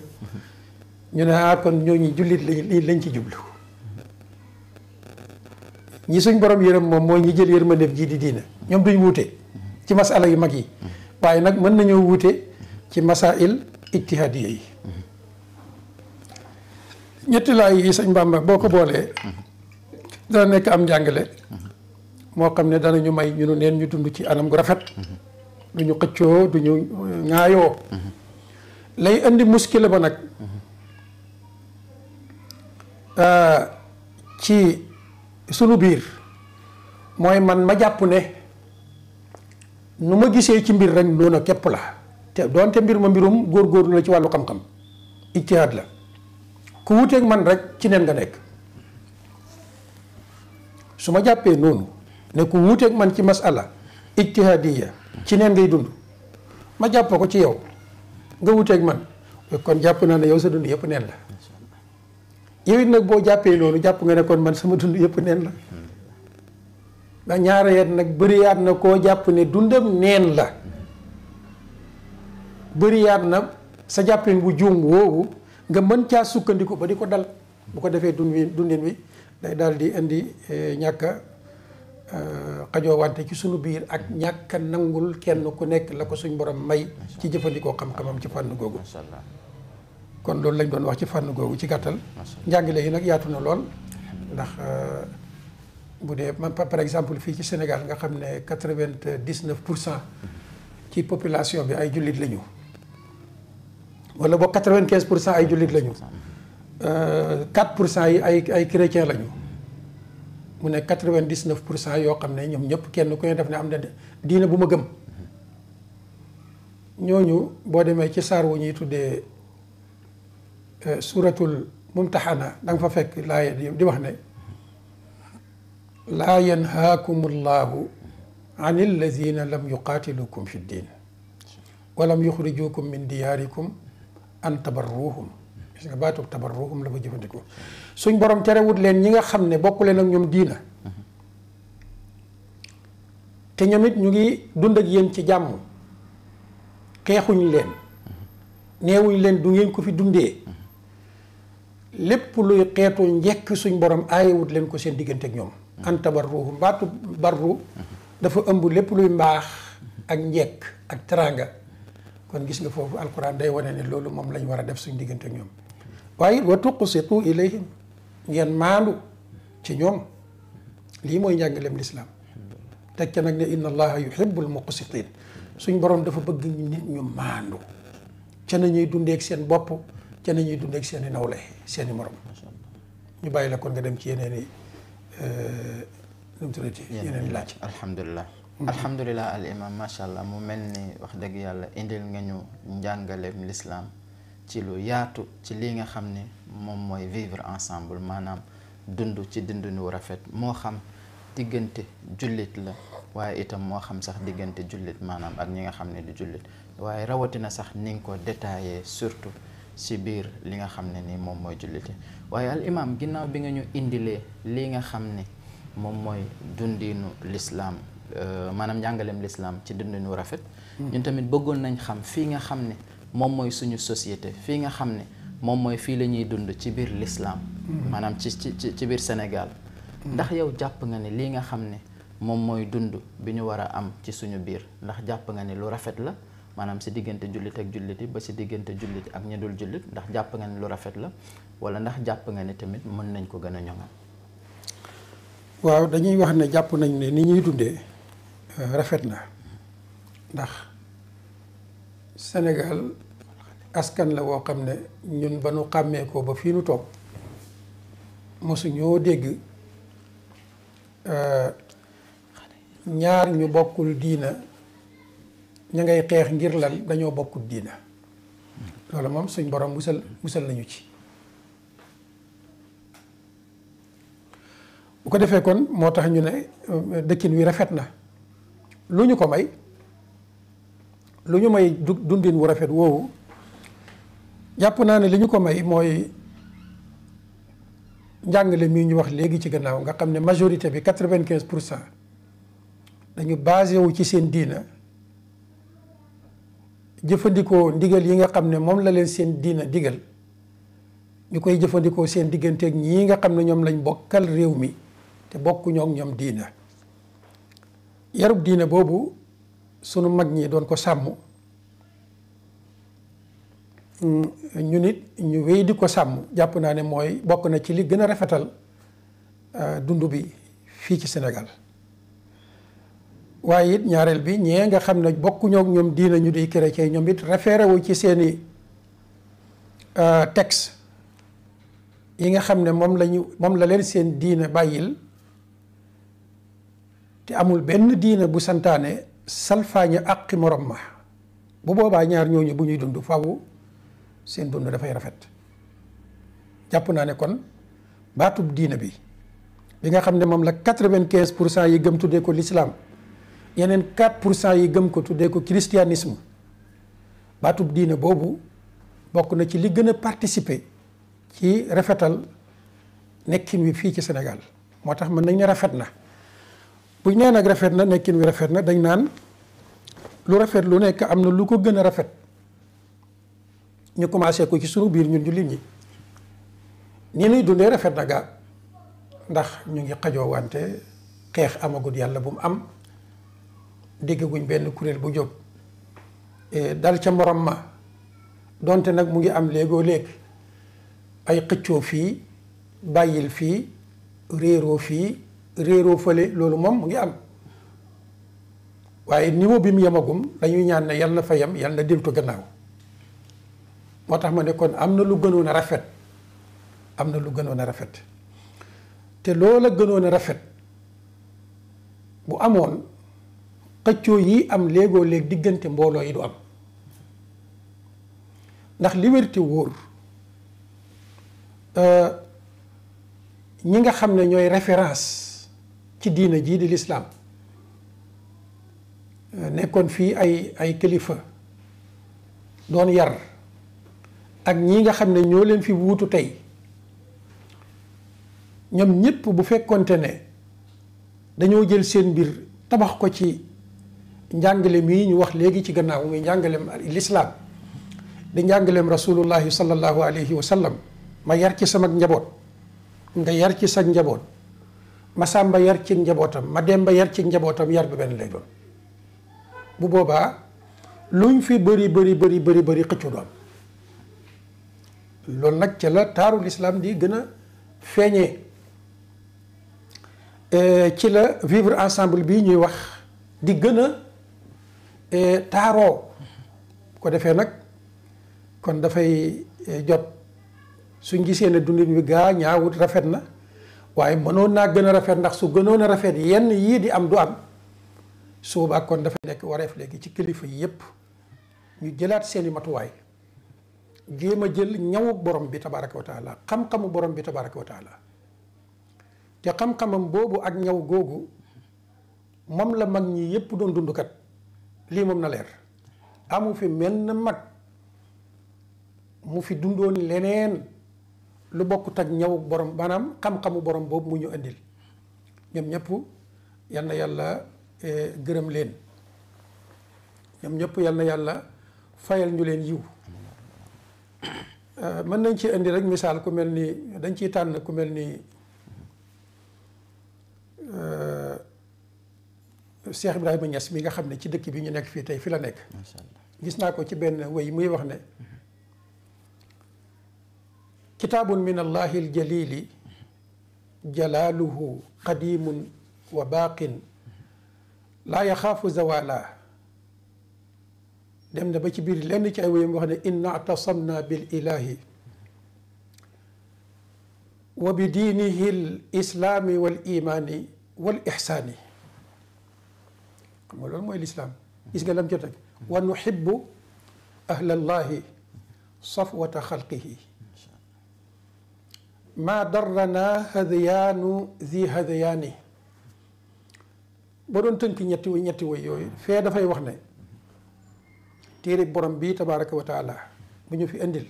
ñu ne ah kon ñooñu jullit lañ lañ ci jublu ñi suñ borom yërëm moom mooy ñi jël yërmandeef jii di diina ñoom duñ wuute ci masala yu mag yi waaye nag mën nañoo wuute ci masail ijtihaadiya yi ñetti laay yi mbaam Bàmba boo ko boolee dana nekk am njàngale moo xam ne dana ñu may ñu nu neen ñu dund ci anam gu rafet du ñu xëccoo du ñu euh, ŋaayoo lay indi muskila ba nag euh, ci sunu biir mooy man ma jàpp ne nu ma gisee ci mbir rek noonu képp la te doonte mbir ma mbirum góor la ci wàllu xam-xam ijtihaad la ku wuteeg man rek ci neen nga nekk su ma jàppee noonu ne ku wuteeg man ci masala ijtihadiya ci neen ngay dund ma jàpp ko ci yow nga wuteeg man kon jàpp naa ne yow sa dund yëpp neen la yow it nag boo jàppee noonu jàpp nga ne man suma dund yëpp neen la ndax ñaara yet nag bëriyaat na koo jàpp ne dundam neen la bëriyaat na sa jàppin bu juum woowu nga mën caa sukkandiku ba di ko dal bu ko defee dun wi dundin day daal di indi eh, ñàkk a eh, xajoowante ci sunu biir ak ñàkk a nangul kenn ku nekk la ko suñ borom may ci jëfandikoo xam-xamam ci fànn googu kon loolu lañ doon wax ci fànn googu ci gàttal njàngile yi nag yaatu na lool ndax eh, bu dee man par exemple fii ci Sénégal nga xam ne quatre-vingt-dix-neuf pour cent ci population bi ay jullit lañu wala boog quatre-vingt-quinze pour cent ay jullit lañu euh, quatre pour cent yi ay ay chrétien lañu mu ne quatre-vingt-dix-neuf pour cent yoo xam ne ñoom ñëpp kenn ku ne def ne am na diina bu ma gëm ñooñu boo demee ci saar wu ñuy tuddee euh, suuratul mumtaxana da danga fa fekk laaya di wax ne laa yanhaakum allahu an alladina lam yuqaatilukum fi ddin walam yuxrijukum min diyaarikum an tabarruhum gis nga baatu tabarruhum la fa jëfandikoo suñ borom terewut leen ñi nga xam ne leen ak ñoom diina te ñoom it ñu ngi dund yéen ci jàmm xeexuñ leen neewuñ leen du ngeen ko fi dundee lépp luy xeetu njekk suñ borom aayewut leen ko seen diggante ak ñoom an tabarruhum baatu dafa ëmb lépp luy mbaax ak njekk ak teraanga kon gis nga foofu alquran day wane ne loolu moom lañ war a def suñ diggante ñoom waaye wa tuqsitu ilayhim ngeen maandu ci ñoom lii mooy njàngaleem lislaam teg ca nag ne inna allaha yuhibbul muqsitin suñ borom dafa bëgg nit ñu maandu ca nañuy dundeeg seen bopp ca nañuy dundeek seeni i nawle seeni i morom ñu bàyyi la kon nga dem ci yeneen i euh, nu mu laaj alhamdulilah Mm-hmm. alhamdulilah al imam macha allah mu mel ni wax dëgg yàlla indil nga ñu njàngaleem lislaam ci lu yaatu ci li nga xam ne moom mooy vivre ensemble maanaam dund ci dundinu rafet moo xam diggante jullit la waaye itam moo xam sax diggante jullit maanaam ak ñi nga xam ne du jullit waaye rawatina sax ni nga ko détaillé surtout si biir li nga xam ne ni moom mooy jullite waaye al imam ginnaaw bi nga ñu indilee li nga xam ne moom mooy dundinu lislaam Euh, maanaam njàngaleem lislaam ci dundinu rafet. Hmm. ñun tamit bëggoon nañ xam fii nga xam ne moom mooy suñu société fii nga xam ne moom mooy fii la ñuy dund ci biir lislaam hmm. maanaam ci ci ci biir Sénégal. Hmm. ndax yow jàpp nga ne lii nga xam ne moom mooy dund bi ñu war a am ci suñu biir ndax jàpp nga ne lu rafet la. maanaam si diggante jullit ak jullit yi ba si diggante jullit ak ñi dul jullit ndax jàpp nga ne lu rafet la wala ndax jàpp nga ne tamit mën nañ ko gën a ñoŋ rafet na ndax Sénégal askan la woo xam ne ñun ba nu xàmmee ko ba fii nu toog mosu ñoo dégg euh, ñaar ñu bokkul diina ña ngay xeex ngir lan dañoo bokkul diina loolu moom suñ borom musal musal nañu ci bu ko defee kon moo tax ñu ne euh, dëkkin wi rafet na lu ñu ko may lu ñu may dundin wu rafet woowu jàpp naa ne li ñu ko may mooy njàngale mii ñu wax léegi ci gannaaw nga xam ne majorité bi quatre-vingt-quinze pour cent dañu basé wu ci seen diina jëfandikoo ndigal yi nga xam ne moom la leen seen diina digal ñu koy jëfandikoo seen digganteeg ñii nga xam ne ñoom lañ bokkal réew mi te bokkuñoo ak ñoom diina yarub diine boobu sunu mag ñi doon ko sàmm mm, ñu nit ñu wéy di ko sàmm jàpp naa ne mooy bokk na ci li gën a rafetal euh, dund bi fii ci senegal waaye it ñaareel bi ñee nga xam ne bokkuñook ñoom diina ñu di chrétien ñoom it référé ci seeni euh, texte yi nga xam ne moom lañu moom la leen seen diine bàyyil te amul benn diina bu santaane salfaañe àqi morom ma bu boobaa ñaar ñooñu bu ñuy dund fawu seen dund dafay rafet jàpp naa ne kon baatub diina bi bi nga xam ne moom la quatre-vingt-quinze pour cent yi gëm tuddee ko l'islam yeneen 4 pour cent yi gëm ko tuddee ko christianisme baatub diina boobu bokk na ci li gën a participer ci rafetal nekkin wi fii ci Sénégal moo tax mën nañ ne rafet na buñ nee nag rafet na nekkin wi rafet na dañ naan lu rafet lu nekk am na lu ko gën a rafet ñu commencé ko ci sunu biir ñun jullit ñi ni nuy dundee rafet na gaa ndax ñu ngi xajoo wante xeex amagul yàlla bu mu am déggaguñ benn kuréel bu jóg e, dal ca morom ma donte nag mu ngi am léegoo léeg ay xëccoo fii bàyyil fii réeroo fii réeroo fële loolu moom mu ngi am waaye niveau bi mu yemagum dañuy ñaan ne yal na fa yem yal na deltu gannaaw moo tax ma nekkoon am na lu gënoon a rafet am na lu gënoon a rafet te a gënoon a rafet bu amoon xëccoo yi am léegoo léeg diggante mbooloo yi du am ndax liberté wóor euh, ñi nga xam ne ñooy référence ci diina jii di lislaam euh, nekkoon fii ay ay kilifa doon yar ak ñi nga xam ne ñoo leen fi wuutu tey ñoom ñépp bu fekkonte ne dañoo jël seen mbir tabax ko ci njàngale mii ñu wax léegi ci gannaaw muy njàngaleem lislaam di njàngaleem rasulullahi sallallahu alayhi wa ma yar ci sama njaboot nga yar ci sa njaboot ma Masamba yar ci njabootam ma Demba yar ci njabootam yar bi benn lay doon bu boobaa luñ fi bari bari bari bëri bëri xëccu doom loolu nag ca la taaru lislaam di gën a feeñee eh, ci la vivre ensemble bii ñuy wax di gën a eh, taaroo ko defee nag kon dafay eh, jot suñ gisee ne dundin wi gaa ñaawut rafet na waaye mënoon naa gën a rafet ndax su gënoon a rafet yenn yii di am du am suubaak kon dafa nekk wareef léegi ci kilifa yi yépp ñu jëlaat seeni matuwaay jéem a jël ñawu borom bi tabaraka wa taala xam-xamu borom bi tabaraka wa taala te boobu ak ñaw googu moom la mag ñi yépp doon dundkat lii moom na leer amu fi menn mag mu fi dundoon leneen lu bokk ak ñaw borom banaam xam-xamu borom boobu mu ñu indil ñoom ñëpp yal na yàlla eh, gërëm leen ñoom ñëpp yàlla na yàlla fayal ñu leen yiw eh, mën nañ ci indi rek misaal ku mel ni dañ ciy tànn ku mel ni eh, Cheikh Ibrahima Niass mi nga xam ne ci dëkk bi ñu nekk fii tey fi la nekk. gis naa ko ci benn way muy wax ne. kitaabun min allahi aljalili jalaaluhu qadimun wa baaqin laa yaxaafu zawala dem na ba ci biir lenn ci ay wéyam wax ne in atasamna bil ilahi wa bi diinihi l islaami wal imaani wal ixsaani xam nga loolu mooy lislaam gis nga lam ca teg wa nuhibbu ahla allahi safwata xalqihi maa darranaa hadayaanu zi hadayaani ba doon tënk ñetti way ñetti way fee dafay wax ne téere borom bi tabaaraka wa taala bu ñu fi indil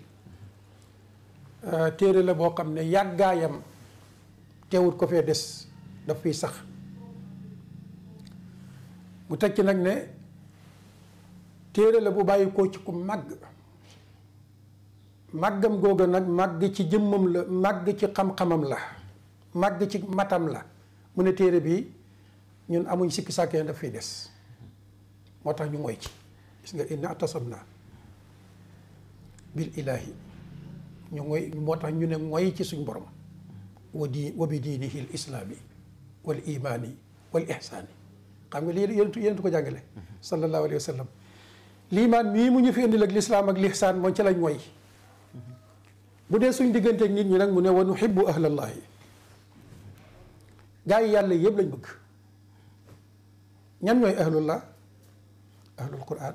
euh, téere la boo xam ne yàggaayam teewut ko fee des daf fiy sax mu tekki nag ne téere la bu bàyyi koo ci ku màgg màggam googa nag màgg ci jëmmam la màgg ci xam-xamam la màgg ci matam la mu ne téere bi ñun amuñ sikki sàkkee daf fiy des moo tax ñu moy ci nga inna atasam naa bil ilaahi ñu ngoy moo tax ñu ne ngoy ci suñ borom wa di wa bi diinihi l islaami wal imaani wal ihsaani xam nga lii yéen yéen ko jàngale mm-hmm. sallallahu alayhi wa sallam liimaan mii mu ñu fi indil ak lislaam ak lihsaan moom ca lañ moy bu dee suñ digganteeg nit ñi nag mu ne wa nuhibbu ahlallahi gaa yi yàlla yëpp lañ bëgg ñan ñooy ahlullah ahlul quran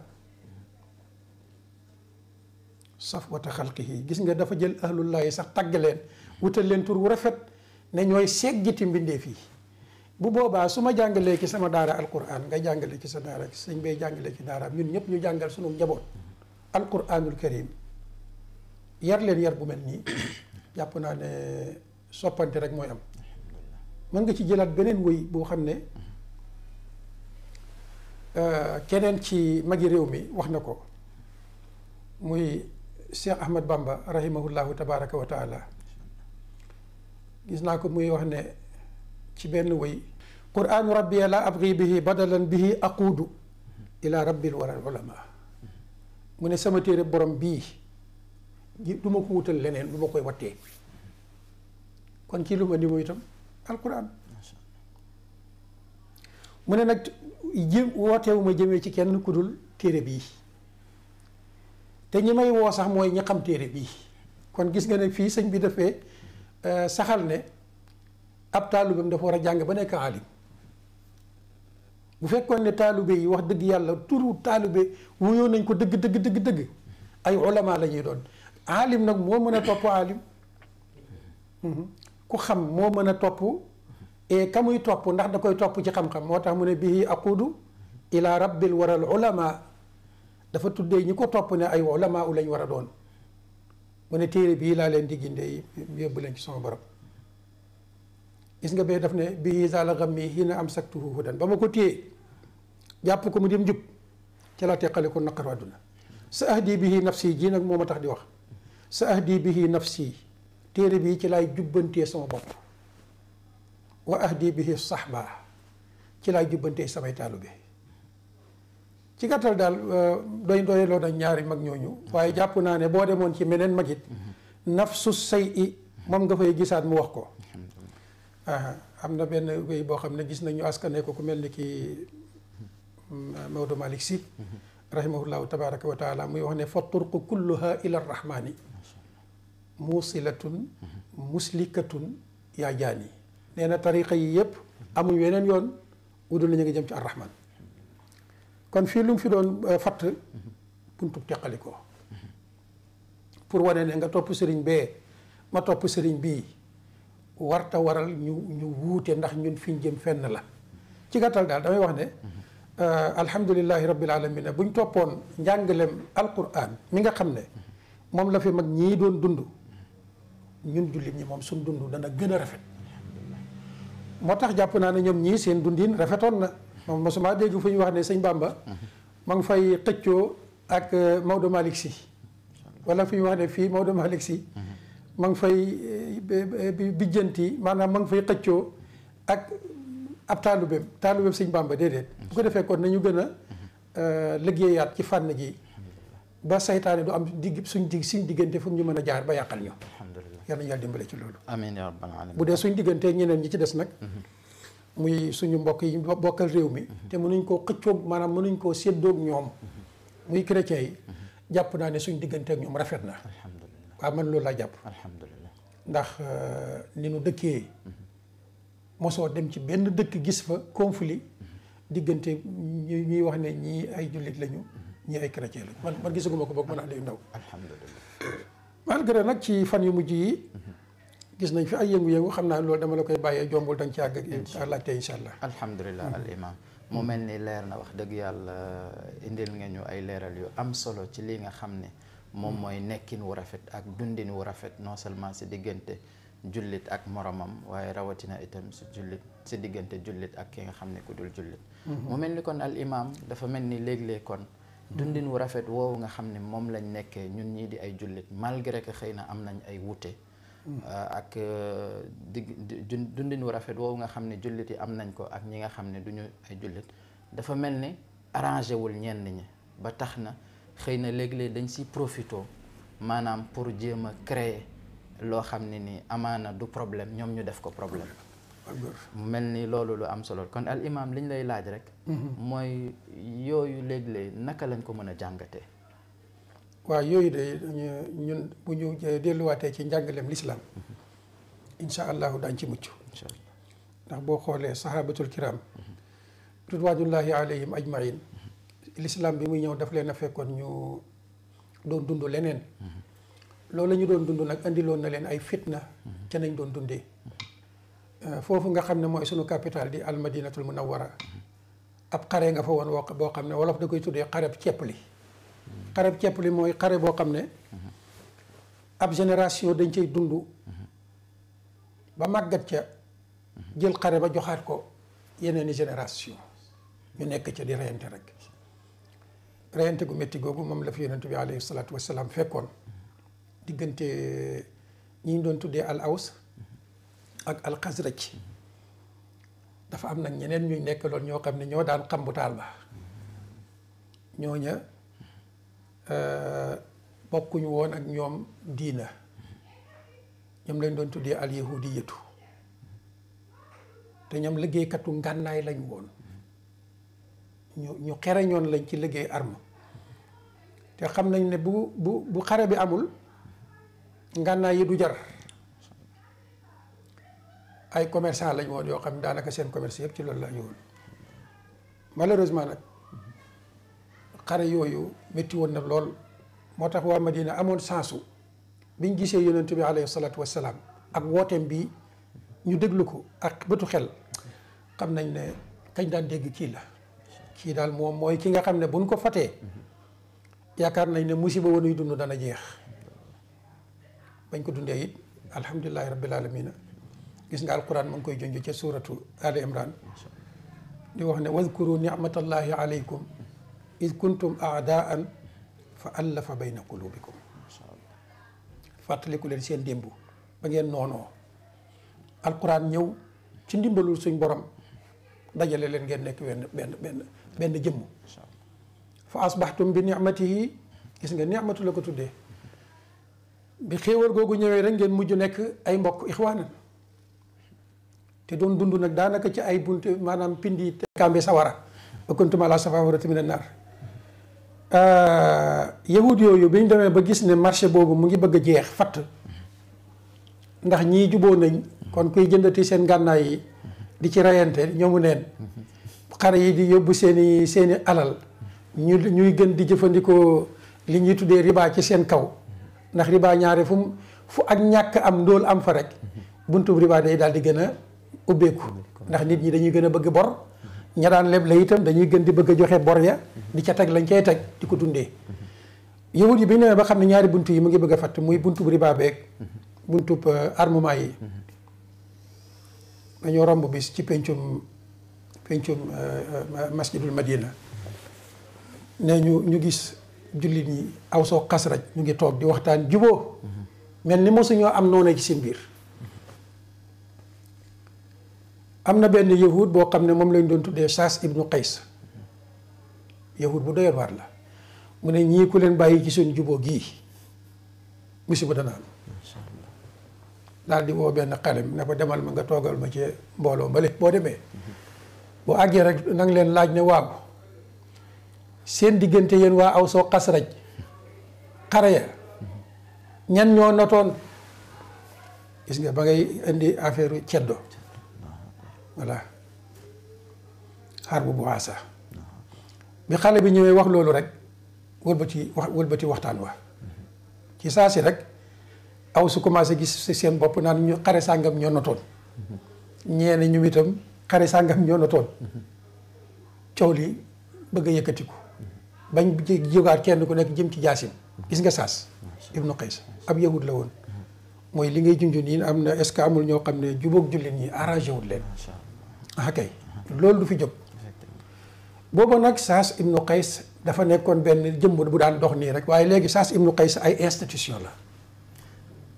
safwata xalqihi gis nga dafa jël ahlullah yi sax tagg leen wutal leen tur wu rafet ne ñooy seggiti mbindeef fii bu boobaa su ma jàngalee ci sama daara alquran nga jàngale ci sa daara sëñ bay jàngale ci daaraam ñun ñëpp ñu jàngal suñu njaboot alquranul karim yarleen yar bu mel nii jàpp naa ne soppante rek mooy am mën nga ci jëlaat beneen wëy boo xam ne euh, keneen ci magi réew mi wax na ko muy Cheikh Ahmad Bamba rahimahullahu tabaraka wa gis naa ko muy wax ne ci benn wëy quraanu rabbiya laa abgi bihi badalan bihi ilaa ila rabbil waral ulama mu ne sama téere borom bii du ma ko wutal leneen lu ma koy wattee kon kii lu ma di mooy itam alquran mu ne nag jëm wootewu ma jëmee ci kenn ku dul téere bii te ñi may woo sax mooy ñi xam téere bii kon gis nga ne fii sëñ bi dafee eh, saxal ne ab taalibeem dafa war a jàng ba nekk aalim bu fekkoon ne taalibe yi wax dëgg yàlla turu taalibe wuyoo nañ ko dëgg dëgg dëgg dëgg ay ulama la doon aalim nag moo mën a topp aalim mhm. ku xam moo mën a topp et ka topp ndax da koy topp ci xam-xam moo tax mu ne bihi aqudu ila rabbil waral ulama dafa tuddee ñi ko topp ne ay ulama u lañ war a doon mu ne téere bii laa leen di gindee yóbbu leen ci sama borom gis nga bee daf ne bii zaala gammi hiina amsaktuhu hudan ba ma ko téye jàpp ko mu dem jub ca laa teqale ko naqaru àdduna sa ahdi bihi nafsi jii nag moom ma tax di wax sa ahdi bihi nafsi téere bi ci laay jubbantee sama bopp wa ahdi bihi saxba ci laay jubbantee samay bi ci gàttal daal euh, doy doy loo nañ ñaari mag ñooñu waaye jàpp naa ne boo demoon ci meneen mag it nafsu say i moom nga fay gisaat mu wax ko am na benn wéy boo xam ne gis nañu askane ko ku mel ni ki mm, Maodo Malick Sy rahimahullahu tabaraka wa taala muy wax ne fa turqu kulluha ila rahmani muusilatun muslikatun yaa jaani nee na tariqa yi yëpp amuñ weneen yoon udul la ñu ngi jëm ci arrahman kon fii lu mu fi doon euh, fatt buntub teqalikoo pour wane ne nga topp sëriñ bee ma topp sëriñ bii warta waral ñu ñu wuute ndax ñun fi ñu jëm fenn la ci gàttal daal damay wax ne euh, alhamdulilahi rabbil bu ñu toppoon njàngalem alquran mi nga xam ne moom la fi mag ñii doon dund ñun jullit ñi moom suñ dund dana gën a rafet moo tax jàpp naa ne ñoom ñii seen dundin rafetoon na moom mosuma dégg fu ñu wax ne sëñ Bamba ma ngi fay xëccoo ak euh, Maodo Malick Sy wala fu fii Maodo Malick Sy ma ngi fay euh, bijjanti maanaam ma ngi fay xëccoo ak ab taalubeem taalubeem sëñ Bamba déedéet bu ko defee kon nañu gën a euh, liggéeyaat ci fànn ji ba saytaane du am digg suñ digg suñ diggante fu ñu mën a jaar ba yàqal ñu yal nañu dimbale ci loolu. amiin yaa rabbal aalamiin bu dee suñ diggante ñeneen ñi ci des nag. muy suñu mbokk yi bokkal réew mi. te mënuñ koo xëccoog maanaam mënuñ koo séddoog ñoom. muy chrétien yi. jàpp naa ne suñu diggante ñoom rafet na. alhamdulilah waaw man loolu laa jàpp. alhamdulilah ndax euh, ni nu dëkkee. mosoo dem ci benn dëkk gis fa conflit. diggante ñu ñuy wax ne ñii ay jullit lañu. ñii ay chrétien lañu man man gisaguma ko boog mën a day ndaw. alhamdulilah. malgré nag ci fan yu mujj yi gis nañ fi ay yëngu-yëngu xam naa loolu dama la koy bàyyee jombul danga ci àgg ak laajte incha allah alhamdulilah mm-hmm. al imam mu mm-hmm. mel ni leer na wax dëgg yàlla indil nga ñu ay leeral yu am solo ci li nga xam ne moom mm-hmm. mooy nekkin wu rafet ak dundin wu rafet noo seulement si diggante jullit ak moromam waaye rawatina itam si jullit si diggante jullit ak ki nga xam ne ku dul jullit mu mel ni kon al dafa mel ni léeg kon dundin wu rafet woowu nga xam ne moom lañ nekkee ñun ñii di ay jullit malgré que xëy na am nañ ay wuute mm. euh, ak euh, dig dundin wu rafet woowu nga xam ne jullit yi am nañ ko ak ñi nga xam ne duñu ay jullit dafa mel ni arrangé wul ñenn ñi ba tax na xëy na léeg-léeg dañ si profito maanaam pour jéem a créer loo xam ne ni amaana du problème ñoom ñu def ko problème mel ni loolu lu am solo kon al imaam li ñu lay laaj rek. Mhm. mooy yooyu léeg naka lañ ko mën a jàngatee. waaw yooyu de ñun bu ñu delluwaatee ci njàngaleem lislaam mhm. incha allahu daañ ci mucc. ndax boo xoolee sahabatul kiram mhm. ridwanullahi alayhim ajmain l'islam bi muy ñëw daf leen a fekkoon ñu doon dund leneen. loolu la ñu doon dund nag indiloon na leen ay fitna. ca nañ doon dundee. Euh, foofu nga xam ne mooy sunu capital di almadinatul munawwara ab xare nga fa woon woo boo xam ne wolof da koy tuddee xareb cepp li xareb cepp li mooy xare boo xam ne ab génération dañ cay dund ba màggat ca jël xare ba joxaat ko yeneeni génération ñu nekk ca di reyante rek reyante gu métti googu moom la fi yonent bi alayhi salaatu wasalaam fekkoon diggante ñi ñu doon tuddee al aws ak ci dafa am nag ñeneen ñuy nekk loon ñoo xam ne ñoo daan xam bu taal ba ñooña euh, bokkuñu woon ak ñoom diina ñoom lañ doon tuddee al yahudiyatu te ñoom liggéeykatu ngànnaay lañ woon ñu ñu xereñoon lañ ci liggéey arme te xam nañ ne bu bu bu xare bi amul ngànnaay yi du jar ay commerçant lañ woon yoo xam ne daanaka seen commerce yëpp ci loolu la ñëwoon malheureusement nag xare yooyu métti woon na lool moo tax waa Madina amoon sansu biñ gisee yonent bi alayhi salaatu wassalaam ak wooteem bi ñu déglu ko ak bëtu xel xam nañ ne kañ daan dégg kii la kii daal moom mooy ki nga xam ne buñ ko fatee yaakaar nañ ne musiba wonuy dund dana jeex bañ ko dundee it alhamdulillahi rabbil alamina gis nga alquran mu ngi koy jonj ca suuratu Ali Imran di wax ne wadkuru nicmatallahi alaykum id kuntum aadaan fa allafa bayna qulubikum fàttaliku leen seen démb ba ngeen noonoo alquran ñëw ci ndimbalul suñ borom dajale leen ngeen nekk benn benn benn benn jëmm fa asbaxtum bi nicmatihi gis nga nicmatu la ko tuddee bi xéewal googu ñëwee rek ngeen mujj nekk ay mbokk ixwaanan doon dund nag daanaka ci ay bunt maanaam pind kambe sawara ëkkantuma sa safawara tamit naar euh, yahud yooyu bi ñu demee ba gis ne marché boobu mu ngi bëgg a jeex fatt ndax ñi juboo nañ kon kuy jëndati seen gànnaay yi di ci rayante ñoomu neen xare yi di yóbbu seeni seeni alal ñu ñuy gën di jëfandikoo li ñuy tuddee riba ci seen kaw ndax riba ñaare fu fu ak ñàkk am ndóol am fa rek buntu riba day daal di gën a ubbeeku ndax nit ñi dañuy gën a bëgg bor ña daan leb la itam dañuy gën di bëgg a joxe bor ya di ca teg lañ cay teg di ko dundee yowut yi bi ñu ba xam ne ñaari bunt yi mu ngi bëgg a fatt muy buntub riba beeg buntub euh, armement yi dañoo romb bis ci pencum pencum euh, masjidul madina ne ñu ñu gis jullit yi aw soo xas raj ñu ngi toog di waxtaan juboo mel ni mosuñoo am noonu ci seen biir am na benn yahud boo xam ne moom lañ doon tuddee Saas ibnu Qays yahud bu doyoon waar la mu ne ñii ku leen bàyyi ci seen juboo gii musiba dana am daal di woo benn xalam ne ko demal ma nga toogal ma ci mbooloo mbale boo demee boo àggee rek nang leen laaj ne waaw seen diggante yéen waa aw soo xas raj xaraya ñan ñoo notoon gis nga ba ngay indi affaire ceddo voilà xaar bu bu waasa bi xale bi ñëwee wax loolu rek wëlbati waxtaan wa ci saa si rek aw su commencé gis si seen bopp naan ñu xare sàngam ñoo notoon ñeene ñu itam xare sàngam ñoo notoon coow li bëgg a yëkkatiku bañ jógaat kenn ku nekk jëm ci jaasin gis nga saas ibnu qays ab yahud la woon mooy li ngay junj nii am na est-ce que amul ñoo xam ne jubóog jullit ñi arrangé wul leen. ah kay loolu du fi jóg. booba nag Saas ibnu Qays dafa nekkoon benn jëmm bu daan dox nii rek waaye léegi Saas ibnu Qays ay institution la.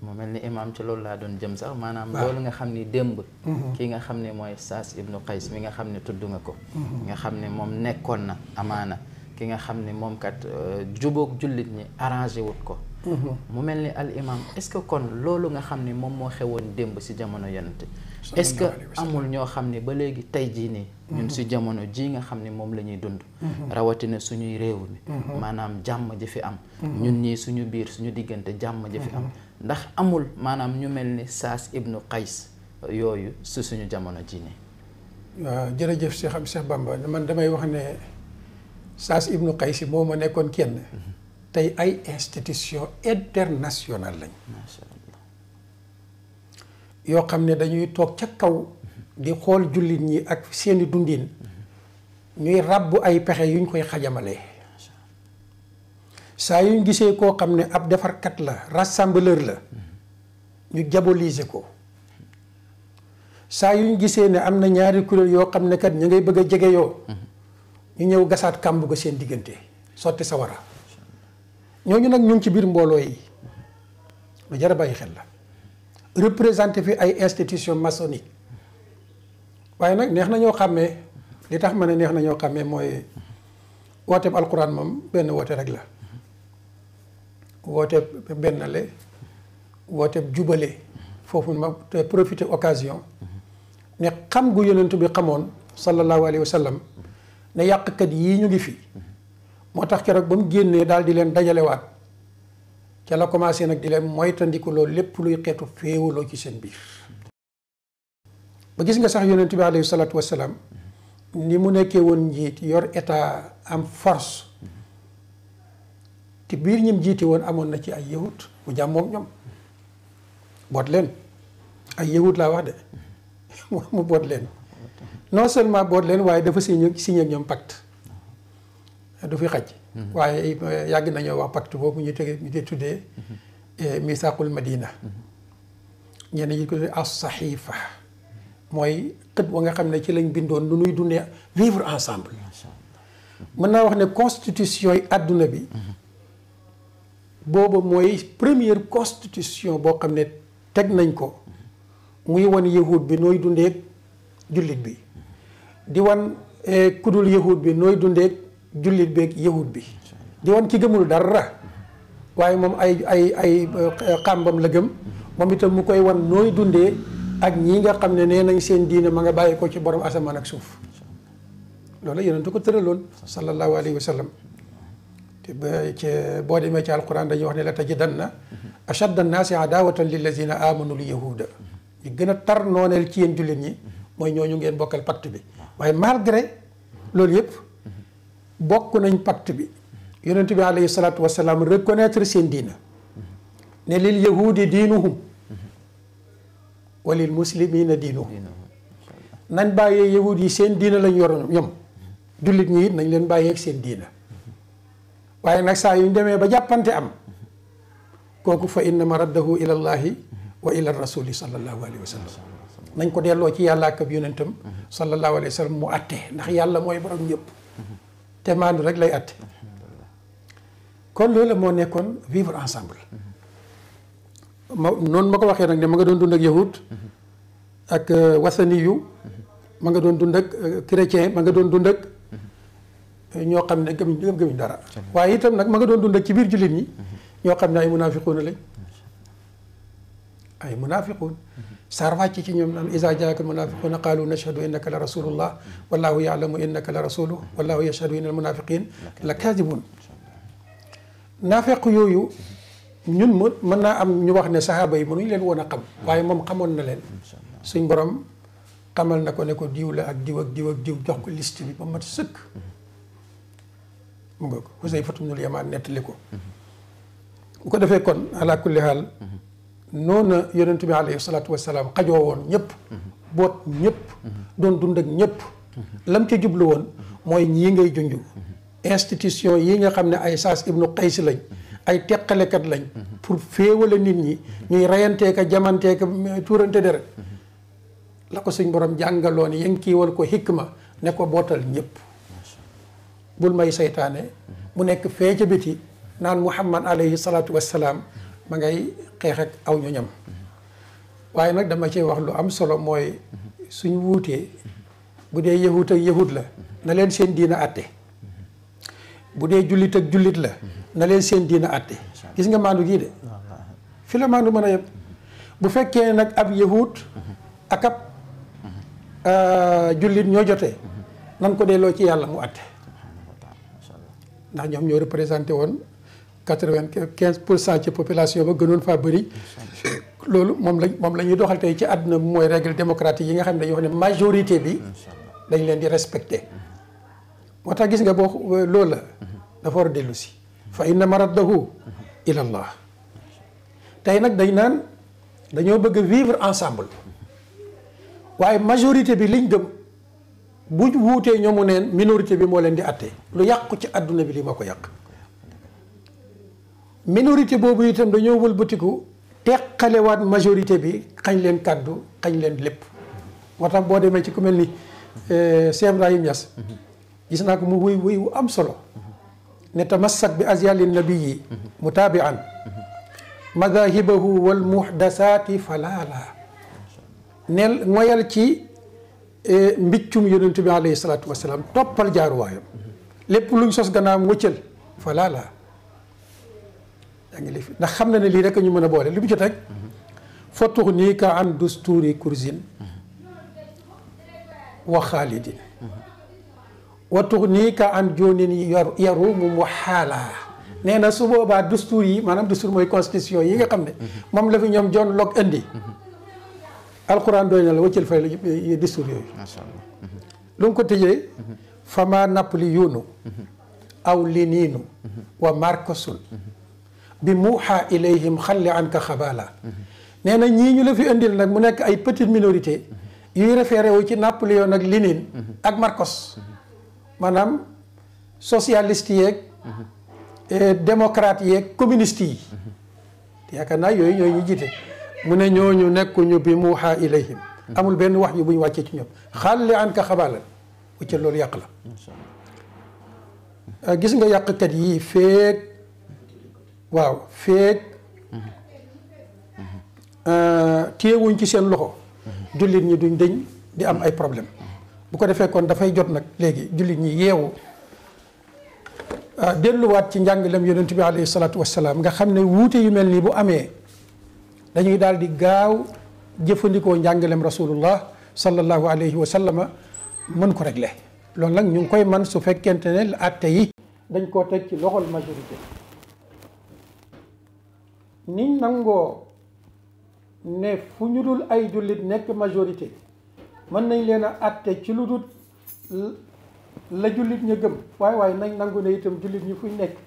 mu mel ni imaam ci loolu laa doon jëm sax maanaam ah. loolu nga xam ni démb mhm. kii nga xam ne mooy saas ibnu qays mi nga xam ne tudd nga ko mhm. nga xam ne moom nekkoon na amaana ki nga xam ne moom kat euh, jubóog jullit ñi arrangé wut ko mu mel ni al imam est-ce que kon loolu nga xam ni moom moo xewoon démb si jamono yonent est-ce que amul ñoo xam ne ba léegi tey jii nii ñun si jamono jii nga xam ne moom la ñuy dund mhm. rawatina suñuy réew mi mhm. maanaam jàmm ji am mhm. ñun ñii suñu biir suñu diggante jàmm ji am ndax amul maanaam ñu mel ni Saas ibnu Qays yooyu su suñu jamono jii nii waaw jërëjëf Cheikh am Cheikh Bamba man damay wax ne Saas ibnu Qays moo ma nekkoon kenn tey ay institution internationale lañ yoo xam ne dañuy toog ca kaw di xool jullit ñi ak seeni dundin ñuy ràbb ay pexe yuñ koy xajamalee saa yuñ gisee koo xam ne ab defarkat la rassembleur la ñu jabolise ko saa yuñ gisee ne am na ñaari kuréel yoo xam ne kat ñu ngay bëgg a jege yoo ñu ñëw gasaat kàmb ko seen diggante sotti sawara ñooñu nag ñu ci biir mbooloo yi lu jar a bàyyi xel la représenté fi ay institution maçonnique waaye nag neex nañoo ñoo xàmmee li tax ma ne neex nañoo ñoo xàmmee mooy wooteeb alquran moom benn woote rek la wooteeb bennale wooteeb jubale foofu ma te profité occasion ne xam gu yonent bi xamoon sallallahu alayhi wa sallam ne yàqkat yii ñu ngi fi moo tax keroog ba mu génnee daal di leen dajalewaat ca la commencé nag di leen moytandiku loolu lépp luy xeetu féewaloo ci seen biir. ba gis nga sax yonent bi alayhi salaatu wasalaam ni mu nekkee woon njiit yor état am force te biir ñim jiiti woon amoon na ci ay yahut bu jàmmook ñoom boot leen ay yahut laa wax de mu boot leen non seulement boot leen waaye dafa si signé ak ñoom pacte. du fi xaj. Mhm. waaye eh, yàgg nañoo wax pacte boobu ñu tege ñu di tuddee. Mhm. Eh, misaqul madina. Mhm. ñenn ñi ko tuddee as saxiifa mooy xët wa nga xam ne ci lañ bindoon nu nuy dundee vivre ensemble. mën naa wax ne constitution yi àdduna bi. booba mooy première constitution boo xam ne teg nañ ko. muy wan yahud bi nooy dundeek jullit bi. di wan eh, kudul yahud bi nooy dundeek. jullit beeg yëwut bi di wan ki gëmul dara waaye moom ay ay ay euh, xàmbam la gëm moom itam mu koy wan nooy dundee ak ñii nga xam ne nee nañ seen diine ma nga bàyyi ko ci borom asamaan ak suuf loolu yonent ko tëraloon sallallahu alayhi wa sallam te boo demee ci alquran dañuy wax ne la tajidanna ashadda annaasi adaawatan lillazina amanu lyahuuda ñu gën a tar nooneel ci yéen jullit ñi mooy ñu ngeen bokkal pacte bi waaye malgré loolu yëpp bokk nañ pacte bi yonent bi alayhi salaatu wasalaam reconnaître seen diina ne lil yahudi diinuhum walil muslimina diinuhum nañ bàyyee yahud yi seen diina lañu yoroon ñoom jullit ñi it nañ leen bàyyeeg seen diina waaye nag saa yu ñu demee ba jàppante am kooku fa innama raddahu ila llahi wa ila rasuli sallallahu alayhi wa sallam nañ ko delloo ci yàlla ak ab yonentam sallallahu alayhi wa mu àtte ndax yàlla mooy borom ñëpp te maandu rek lay atte kon loolu moo nekkoon vivre ensemble ma noonu ma ko waxee nag ne mu nga doon dund ak yahud ak euh, wasani yu ma nga doon dund ak euh, chrétien ma nga doon dund ak ñoo xam ne gëmuñ gëmuñ dara waaye itam nag ma nga doon dund ak ci biir jullit ñi ñoo xam ne ay munaafiquun lañ ay munaafiquun saar wàcc ci ñoom naan iza jaaka almunafiquna qaalu nashhadu innaka la rasulullah wallahu yaalamu innaka la rasulu wallahu yashhadu inna almunafiqin la kadibun naafeq yooyu ñun mu mën naa am ñu wax ne sahaaba yi mënuñu leen woon a xam waaye moom xamoon na leen suñ borom xamal na ko ne ko diw la ak diw ak diw ak diw jox ko list bi ba mat sëkk mu nga ko Xusayfatu ko defee kon ala kulli haal noona yonent bi alayhi salaatu wasalaam xajoo woon ñëpp boot ñëpp doon dund ak ñëpp lam ca jublu woon mooy ñii ngay junj institution yii nga xam ne ay saas ibnu qays lañ ay teqalekat lañ pour féewale nit ñi ñuy reyantee ka jamantee ka tuurante deret la ko suñ borom jàngaloon yankiiwal ko hikma ne ko bootal ñëpp bul may seytaane mu nekk fee ca biti naan muhammad alayhi salaatu wasalaam ma ngay xeex ak aw ñoñam waaye nag dama cee wax lu am solo mooy suñ wuutee bu dee yahut ak yahut la na leen seen diina àtte bu dee jullit ak jullit la na leen seen diina àtte gis nga maandu gii de fi la maandu mën a yem bu fekkee nag ab yahut ak ab euh, jullit ñoo jotee nan ko delloo ci yàlla mu àtte ndax ñoom ñoo représenté woon quatre-vingt-quinze pour cent ci population ba gënoon faa bëri loolu moom lañ moom la ñuy doxal tey ci àdduna bi mooy règle démocratique yi nga xam ne dañuy wax ne majorité bi dañ leen di respecté moo tax gis nga boo loolu la dafa war a dellu si fa inna maraddahu ilallah tey nag dañ naan dañoo bëgg vivre ensemble waaye majorité bi liñ bu buñ ñoo ñoomu neen minorité bi moo leen di atte lu yàqu ci àdduna bi li ma ko yàq minorité boobu itam dañoo wëlbatiku teqalewaat majorité bi xañ leen kàddu xañ leen lépp moo boo demee ci ku mel ni euh, Cheikh Ibrahim Niass gis naa ko mu wuy am solo ne tamassak bi azyalin nabiyyi mutaabian madahibahu wal muhdasaati falaala neel moyal ci euh, mbiccum yonentu bi alayhi salaatu wasalaam toppal jaaruwaayam lépp luñ sos gannaaw wëccal falaala yaa ngi ndax xam na ne lii rek ñu mën a boole li mu ci teg fottux nii ka an dusturi kursin wa xaalidin wattux nii ka an joonin yaru mu mu xaalaa nee na su boobaa dustuur yi maanaam dustuur mooy constitution yi nga xam ne moom la fi ñoom John Locke indi alxuraan doy na la wëccal fay dustuur yooyu lu mu ko tëjee fama napoli yoonu aw liniinu wa markosul bi muuxaa ilayhim xalli anka xabaala nee na ñii ñu la fi indil nag mu nekk ay petite minorité yuy référé wu ci Napoléon ak Lénine ak Marcos maanaam socialiste yeeg eh, démocrate yeeg communiste yi yaakaar naa yooyu ñooy ñu jiite mu ne ñooñu nekkuñu bi muuxaa ilayhim amul benn wax yu bu wàccee ci ñoom xalli anka xabaala wucca loolu yàq la gis nga yàqkat yi feek waaw feeg euh, téyewuñ ci seen loxo jullit ñi duñ dëñ di am ay problème bu ko defee kon dafay jot nag léegi jullit ñi yeewu euh, delluwaat ci njàngalem yonent bi alayhi salaatu wassalaam nga xam ne wuute yu mel nii bu amee dañuy daal di gaaw jëfandikoo njàngalem rasulullah sallallahu alayhi wa sallama mën ko régler loolu nag ñu ngi koy man su fekkente ne atte yi dañ koo teg ci loxol majorité niñ nangoo ne fu ñu dul ay jullit nekk majorité mën nañ leen a àtte ci lu dul la jullit ña gëm waaye waaye nañ nangu ne itam jullit ñi fuñ nekk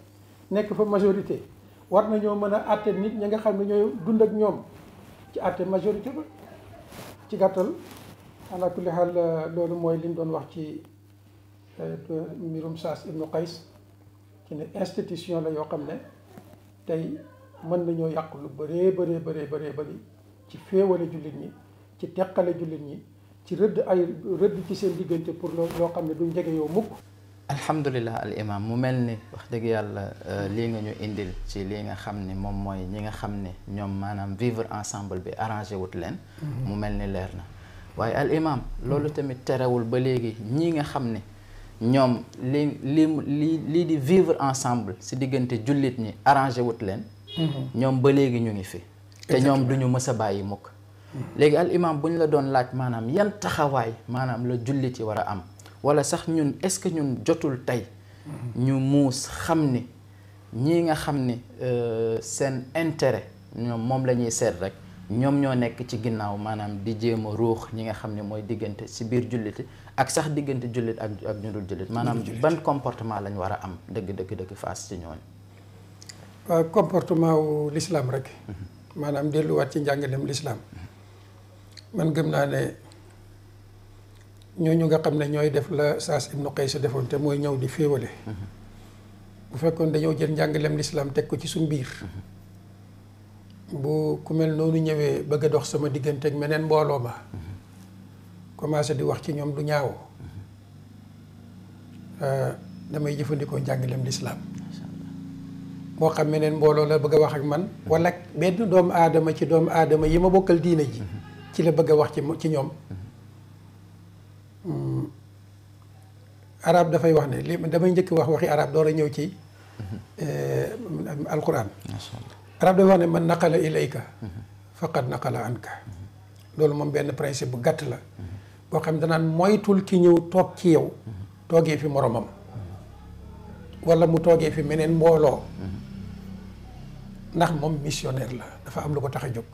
nekk fa majorité war nañoo mën a àtte nit ñi nga xam ne ñooy dund ak ñoom ci àtte majorité ba ci gàttal ala kulli xaal loolu mooy liñ doon wax ci euh, mbirum Saas ibnu Qays ci ne institution la yoo xam ne tey mën nañoo yàq lu bëree bëree bëree bëree bëri ci féewale jullit ñi ci teqale jullit ñi ci rëdd ay rëdd ci seen diggante pour loo xam ne du jege yow mukk alhamdulilah al imam mu mel ni wax dëgg yàlla euh, lii nga ñu indil ci lii nga xam ni moom mooy ñi nga xam ne ñoom maanaam vivre ensemble bi arrangé wut leen mm-hmm. mu mel ni leer na waaye al imam loolu tamit terewul ba léegi ñi nga xam ne ñoom li lii lii di vivre ensemble si diggante jullit ñi arrangé wut leen Mm-hmm. ñoom ba léegi ñu ngi fi. te ñoom duñu ñu mës a bàyyi mukk. léegi al imam bu ñu la doon laaj maanaam yan taxawaay maanaam la jullit yi war a am wala sax ñun est-ce que ñun jotul tey. Mm-hmm. ñu muus xam ni ñii nga xam ni euh, seen intérêt ñoom moom la ñuy seet rek. ñoom ñoo nekk ci gannaaw maanaam di jéem a ruux ñi nga xam ne mooy diggante si biir julliti ak sax diggante jullit ak ak ñu dul jullit maanaam ban comportement lañ war a am dëgg dëgg dëgg fas ci ñooñu waaw euh, comportement wu l'islam rek maanaam delluwaat ci njàngalem l'islam man gëm naa ne ñooñu nga xam ne ñooy def la Saas ibnu Qays defoon te mooy ñëw di féewale bu fekkoon dañoo jël njàngalem l'islam teg ko ci suñ biir bu ku mel noonu ñëwee bëgg a dox sama diggante ak meneen mbooloo ma commencé di wax ci ñoom du ñaaw euh, damay jëfandikoo njàngalem l'islam moo xam ne neen mbooloo la bëgg a wax ak man wala benn doomu aadama ci doomu aadama yi ma bokkal diine ji ci la bëgg a wax ci ci ñoom hmm. arab dafay wax ne li damay njëkk wax waxi arab door a ñëw ci eh, alquran arab dafay wax ne man naqala ilayka faqad naqala anka loolu moom benn principe bu gàtt la boo xam danaan moytul ki ñëw toog ci yow toogee fi moromam wala mu toogee fi meneen mbooloo ndax moom missionnaire la dafa am lu ko tax a jóg.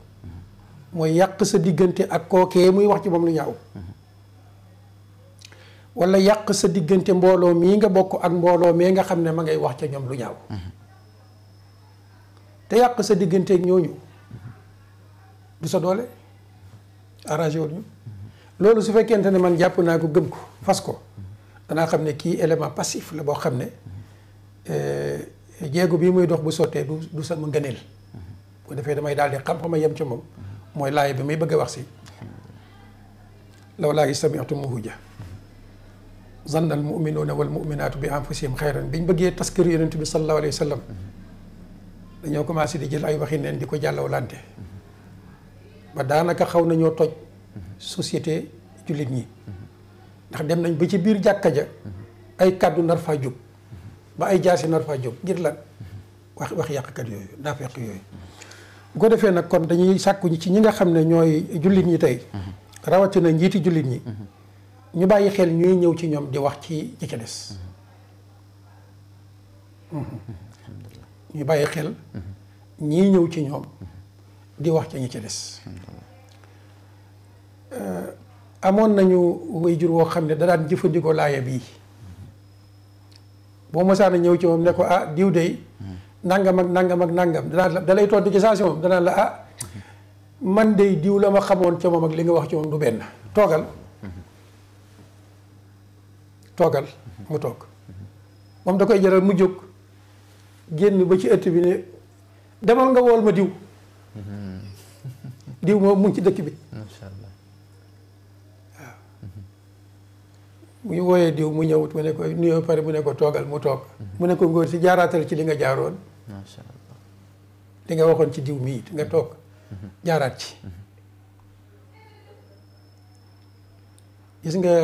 mooy yàq sa diggante ak kookee muy wax ci moom lu ñaaw. wala yàq sa diggante mbooloo mii nga bokk ak mbooloo mee nga xam ne ma ngay wax ca ñoom lu ñaaw. te yàq sa diggante ak ñooñu du sa doole arrangé wul ñu loolu su fekkente ne man jàpp naa ko gëm ko fas ko danaa xam ne kii élément passif la boo xam ne. Euh, te jéego bii muy dox bu sottee du du sama ngëneel bu defee damay daal di xam a yem ci moom mooy laay bi muy bëgg a wax si law laa sami'tumuhu ja zanna al muminuuna wal muminaatu bi anfusihim bi biñ bëggee taskir yonent bi sallallahu alayhi wa sallam dañoo commencé di jël ay waxi neen di ko jàllawlante ba daanaka xaw nañoo toj société jullit ñi ndax dem nañ bi ci biir jàkka ja ay kàddu nar faa ba ay jaasi nar faa jóg ngir la wax wax yàqkat yooyu naaf yàq yooyu. bu defee nag kon dañuy sàkku ci ñi nga xam ne ñooy jullit ñi tey. rawatina njiiti jullit ñi. ñu bàyyi xel ñuy ñëw ci ñoom di wax ci ñi ca des. ñu bàyyi xel ñii ñëw ci ñoom di wax ca ñi ca des. Euh, amoon nañu wayjur woo xam ne da daan jëfandikoo laaya bii. boo mosaan ne ñëw ci moom ne ko ah diw dey nangam ak nangam ak nangam danaa da lay tontu ci saa si moom danaa la ah man dey diw la ma xamoon ci moom ak li nga wax ci moom du benn toogal toogal mu toog moom da koy jaral mu jóg génn ba ci ëtt bi ne demal nga wool ma diw hmm. diw moo mu ci dëkk bi bu ñu diw mu ñëwut mu ne ko nuyoo pare mu ne ko toogal mu toog. mu ne ko ngóor si jaaraatal ci li nga jaaroon. macha li nga waxoon ci diw mi nga toog. Mhm. jaaraat ci. Mhm. gis nga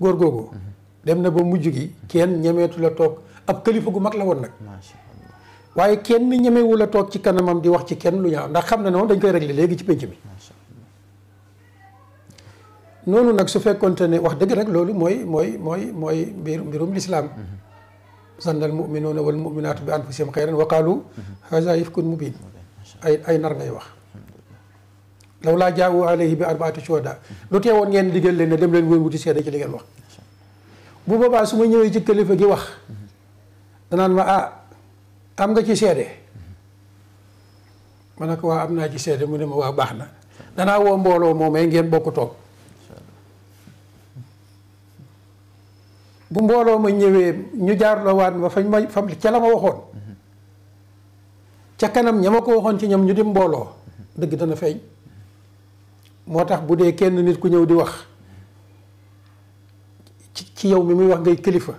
góor googu. Mhm. dem na ba mujj gi kenn ñemeetu la toog ab kilifa gu mag la woon nag. macha kenn ñemewu la toog ci kanamam di wax ci kenn lu ñaaw ndax xam ne noonu dañ koy régler léegi ci pénc mi. noonu nag su fekkonte ne wax dëgg rek loolu mooy mooy mooy mooy mbir mbirum lislaam mhm. zannal muminuuna wal muminaatu bi anfusihim xayran wa qaalu haza mhm. ifkun mubin ay ay nar ngay wax law laa jaawu alayhi bi arbaati shuhada mhm. lu teewoon ngeen digal leen ne dem leen woon wuti seede ci li ngeen wax bu boobaa su ma ñëwee ci kilifa gi wax danaan ma ah am nga ci seede ma ko waa am naa ci seede mu ne ma waa baax na danaa woo mbooloo moomee ngeen bokk toog bu mbooloo ma ñëwee ñu jaarloo waat ma fañ ma fam ca la ma waxoon ca kanam ña ma ko waxoon ci ñam ñu di mbooloo dëgg dana feeñ moo tax bu dee kenn nit ku ñëw di wax ci yow mi muy wax ngay kilifa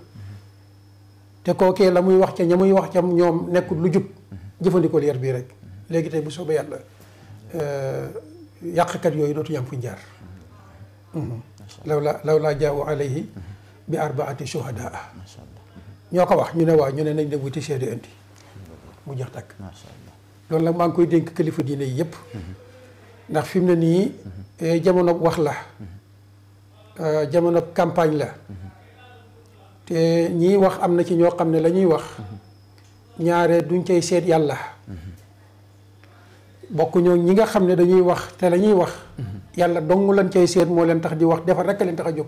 te kookee la muy wax ca ña muy wax ca ñoom nekkul lu jub jëfandikoo yar bii rek léegi tey bu soobee yàlla euh, yàqkat yooyu dootu yam fuñ jaar mm-hmm. mm-hmm. law laa law laa jaawu alayhi mm-hmm. bi arbaati shuhadaa ñoo ko wax ñu ne wax ñu ne nañ dem wuti seede indi mu jeex takk loolu nag maa ngi koy dénk kilifa diine yi yëpp ndax fi mu ne nii eh, jamono wax la eh, jamono campagne la te ñiy wax am na ci ñoo xam ne lañuy wax ñaare duñ koy seet yàlla bokk ñoo ñi nga xam ne dañuy wax te la ñuy wax mm-hmm. yàlla dong lan cay seet moo leen tax di wax defar rek leen tax a jóg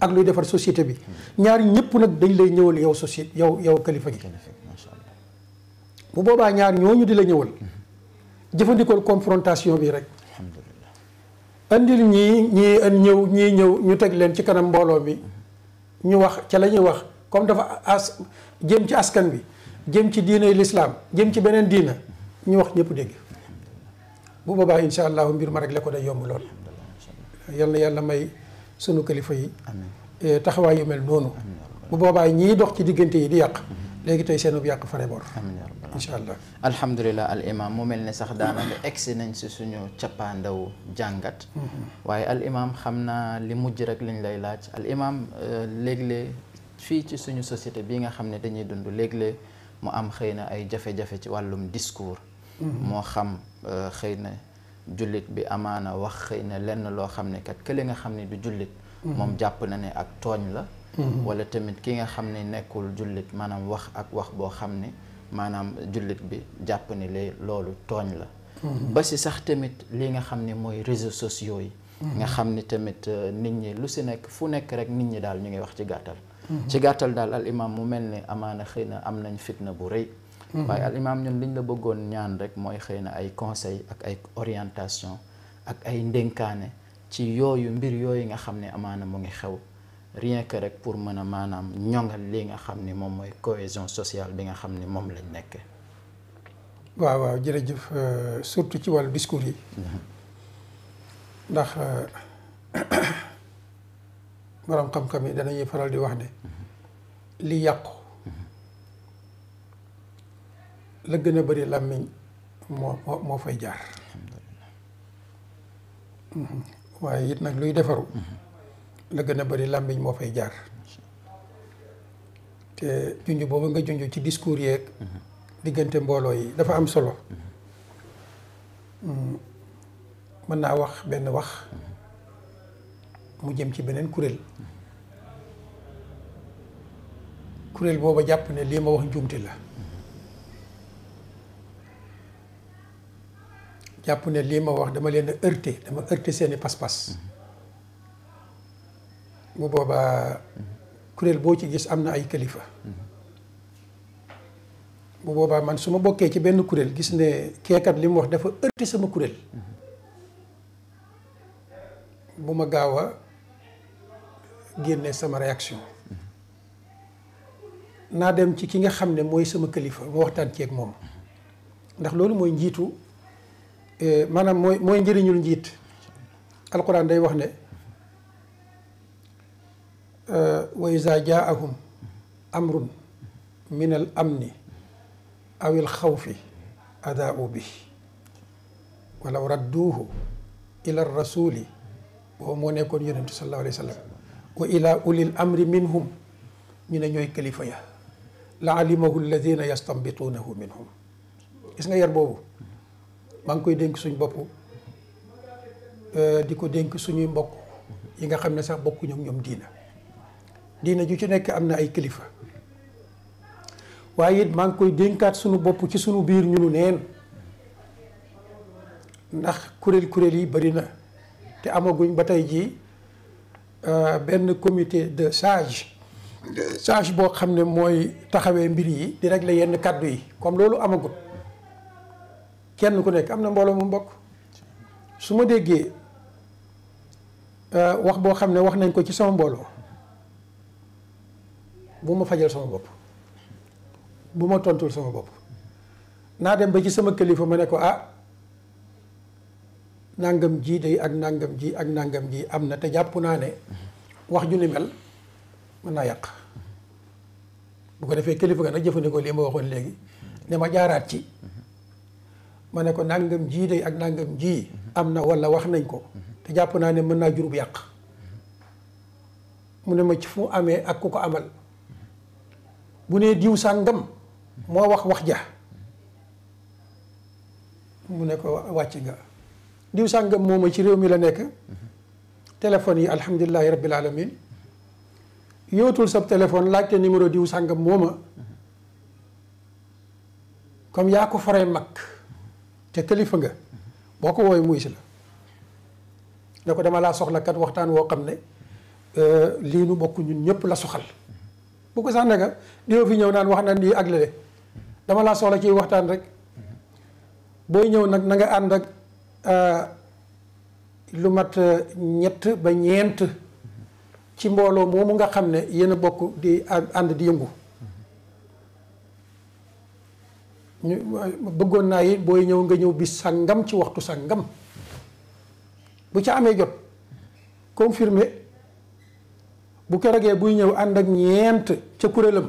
ak luy defar société bi mm-hmm. ñaar ñëpp nag dañ lay ñëwal yow société yow yow kalifa gi bu boobaa ñaar ñu di la ñëwal mm-hmm. jëfandikool confrontation bi rek andil ñii ñii ñëw ñii ñëw ñu teg leen ci kanam mbooloo mi ñu wax ca la ñuy wax comme dafa as jëm ci askan bi jëm ci diine lislaam jëm ci beneen diina ñu wax ñëpp dégg bu boobaa incha allah mbir ma rek la ko day yomb lool. yal na yàlla may sunu kilifa yi. Eh, taxawaay yu mel noonu. bu boobaa ñiy dox ci diggante yi di yàq. Mm-hmm. léegi tey seen bu yàq fare bor. incha allah alhamdulilah al imam mu mel ne sax daanaka egsi nañ si suñu cappaandaw jàngat. Mm-hmm. waaye al xam naa li mujj rek lañ lay laaj al imam eh, léeg fii ci suñu société bii nga xam ne dañuy dund léeg mu am xëy na ay jafe-jafe ci wàllum discours. moo xam euh, xëy na jullit bi amaana wax xëy na lenn loo xam ne kat kële nga xam ne du jullit mm-hmm. moom jàpp na ne ak tooñ la mm-hmm. wala tamit ki nga xam ne nekkul jullit maanaam wax ak wax boo xam ne maanaam jullit bi jàpp ne lee loolu tooñ la mm-hmm. ba si sax tamit li nga xam ne mooy réseaux sociaux yi nga xam ni tamit euh, nit ñi lu si nekk fu nekk rek nit ñi daal ñu ngi wax ci gàttal ci gàttal daal al imam mu mel ni amaana xëy na am nañ fitna bu rëy Mm-hmm. waaye al imaam ñun liñ la bëggoon ñaan rek mooy xëy na ay conseil ak ay orientation ak ay ndénkaane ci yooyu mbir yooyu nga xam ne amaana mu ngi xew rien que rek pour mën a maanaam ñoŋal li nga xam ni moom mooy cohésion sociale bi nga xam ni moom lañ nekkee. waaw waaw jërëjëf euh, surtout ci wàllu discours yi. Mm-hmm. ndax euh, borom xam-xam yi danañuy faral di wax ne mm-hmm. li yàqu. la gën a bari làmmiñ moo moo fay jaar waaye it nag luy defaru la gën a bari làmmiñ moo fay jaar te junj boobu nga junj ci discours yeeg diggante mbooloo yi dafa am solo mm. mën naa wax benn wax mu jëm ci beneen kuréel kuréel boobu jàpp ne lii ma wax njuumte la jàpp ne lii ma wax dama leen a heurté dama heurté seeni pas mu mm-hmm. boobaa kuréel boo ci gis am na ay kilifa mm-hmm. bu boobaa man su ma bokkee ci benn kuréel gis ne keekat li mu wax dafa heurté sama kuréel mm-hmm. bu ma gaaw a génne sama réaction naa dem ci ki nga xam ne mooy sama kilifa ma waxtaan ceeg moom ndax loolu mooy njiitu Eh, maanaam mooy mooy njëriñul njiit alquran day wax ne eh, wa iza jaahum amrun min al amni aw il xawfi adaau bi walaw radduuhu ila rasuli boobu moo nekkoon yonentu sallallahu alayhi wa sallam wa ila ulil amri minhum ñu ne ñooy kilifa ya la alimahu alladina yastanbituunahu minhum maa ngi koy dénk suñu bopp di ko dénk suñuy mbokk yi nga xam ne sax bokkuñu ñoom ñoom diina diina ju ci nekk am na ay kilifa waaye it maa ngi koy dénkaat suñu bopp ci suñu biir ñu nu neen ndax kuréel kuréel yi bari na te amaguñ ba tey jii euh, benn comité de sage sage boo xam ne mooy taxawee mbir yi di régler yenn kàddu yi comme loolu amagut kenn ku nekk am na mbooloo mu bokk su ma déggee euh, wax boo xam ne wax nañ ko ci sama mbooloo bu ma fajal sama bopp bu ma tontul sama bopp naa dem ba ci sama kilifa ma ne ko ah nangam ji day ak nangam ji ak nangam ji am na te jàpp naa ne wax ju ni mel mën naa yàq bu ko defee kilifa ga nag jëfandikoo li ma waxoon léegi ne ma jaaraat ci. ma ne ko nangam ji day ak ndàngam ji am na wala wax nañ ko te jàpp naa ne mën naa jurub yàq mu ne ma ci fu amee ak ku ko amal bu nee diw sàngam moo wax wax ja mu ne wàcc nga diw sàngam mooma ci réew mi la nekk téléphone yi alhamdulilahi rabbil alamin yootul sab téléphone laajte numéro diw sàngam mooma comme yaa ko faree mag te kilifa nga boo ko woowee muy la ne ko dama laa soxla kat waxtaan woo xam ne euh, lii nu bokk ñun ñëpp la soxal bu ko sax naka fi ñëw naan wax na lii ak lële dama laa soxla ci waxtaan rek booy ñëw nag nanga nga ànd ak euh, lu mat euh, ñett ba ñeent ci mbooloo moomu nga xam ne yéen a bokk di ànd di yëngu ñu bëggoon naa yi booy ñëw nga ñëw bis sàngam ci waxtu sàngam bu ca amee jot confirmé bu kerogee buy ñëw ànd ak ñeent ca kuréelam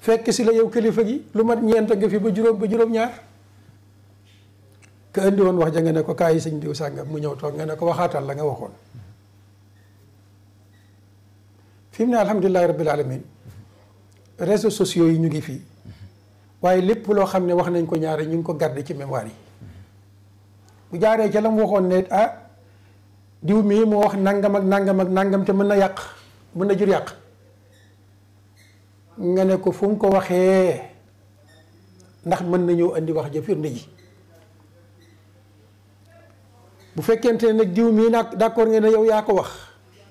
fekk si la yow kilifa gi lu mat ñeent nga fi ba juróom ba juróom-ñaar ka indi woon wax ja nga ne ko kaay yi sëñ diw sàngam mu ñëw toog nga ne ko waxaatal la nga waxoon fi mu ne alhamdulilahi rabbil alamin réseaux sociaux yi ñu ngi fii waaye lépp loo xam ne wax nañ ko ñaare ñu ngi ko garder ci mémoire yi bu jaaree ca la mu waxoon ne ah diw mii moo wax nangam ak nangam ak nangam te mën na yàq mën na jur yàq nga ne ko fu mu ko waxee ndax mën nañoo indi wax ja firnde ji bu fekkente ne nag diw mii nag d'accord nga ne yow yaa ko wax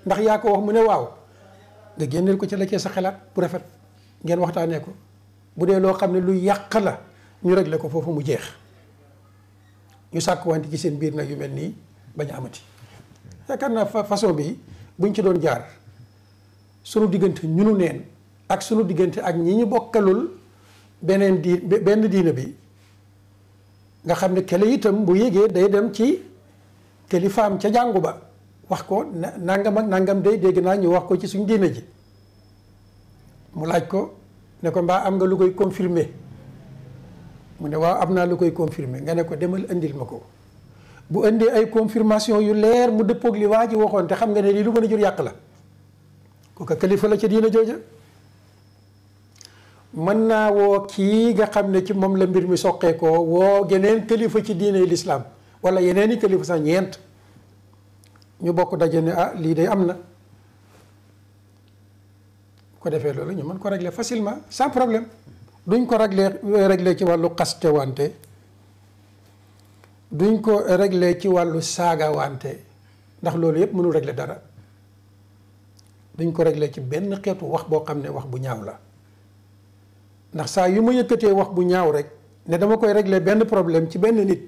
ndax yaa ko wax mu ne waaw nga génneel ko ci la cee sa xelaat bu rafet ngeen waxtaanee ko. bu dee loo xam ne lu yàq la ñu réglé ko foofu mu jeex ñu sàkk sàkkuwante ci seen biir nag yu mel nii bañ amati yaakaar naa façon bi buñ ci doon jaar sunu diggante ñunu neen ak sunu diggante ak ñi ñu bokkalul beneen di benn diina bi nga xam ne kele itam bu yégee day dem ci kilifaam ca jàngu ba wax ko nangam ak nangam day dégg naa ñu wax ko ci suñ diina ji mu laaj ko ne ko mbaa am nga lu koy confirmer mu ne waaw am naa lu koy confirmer nga ne ko demal indil ma ko bu indee ay confirmation yu leer mu dëppoog li waa ji waxoon te xam ne lii lu mën a jur yàq la kooka kalifa la diina jooja mën naa woo kii nga xam ne ci moom la mbir mi soqee ko woo geneen kalifa ci diine lislaam wala yeneen i kalifa sax ñeent ñu bokk daje ne ah lii de am na ko defee loolu ñu man ko régler facilement sans problème duñ ko régler régler ci wàllu xaste wante duñ ko regle ci wàllu saaga wante ndax loolu yëpp mënul régler dara duñ ko régler ci benn xeetu wax boo xam ne wax bu ñaaw la ndax saa yu ma yëkkatee wax bu ñaaw rek ne dama koy régler benn problème ci benn nit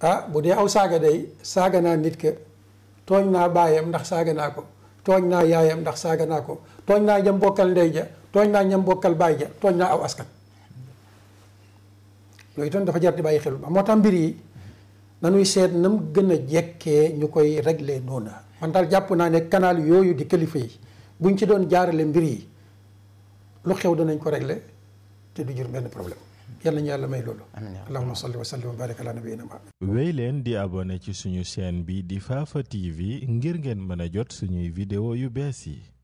ah bu dee aw saaga dey saaga naa nit ke tooñ naa baayam ndax saaga naa ko tooñ naa yaayam ndax saaga naa ko tooñ naa ñam bokkal ndey ja tooñ naa ñam bokkal baay ja tooñ naa aw askan loolu itam dafa jar di bàyyi xel ba moo tax mbir yi nanuy seet na mu gën a jekkee ñu koy regle noonu man daal jàpp naa ne canal yooyu di kilifa yi buñ ci doon jaarale mbir yi lu xew danañ ko régler te du jur benn problème yal yàlla may loolu allahuma salli wa sallim wa barik ala nabiyina ma wéy leen di abonné ci suñu chaîne bi di Fafa TV ngir ngeen mën a jot suñuy vidéo yu bees yi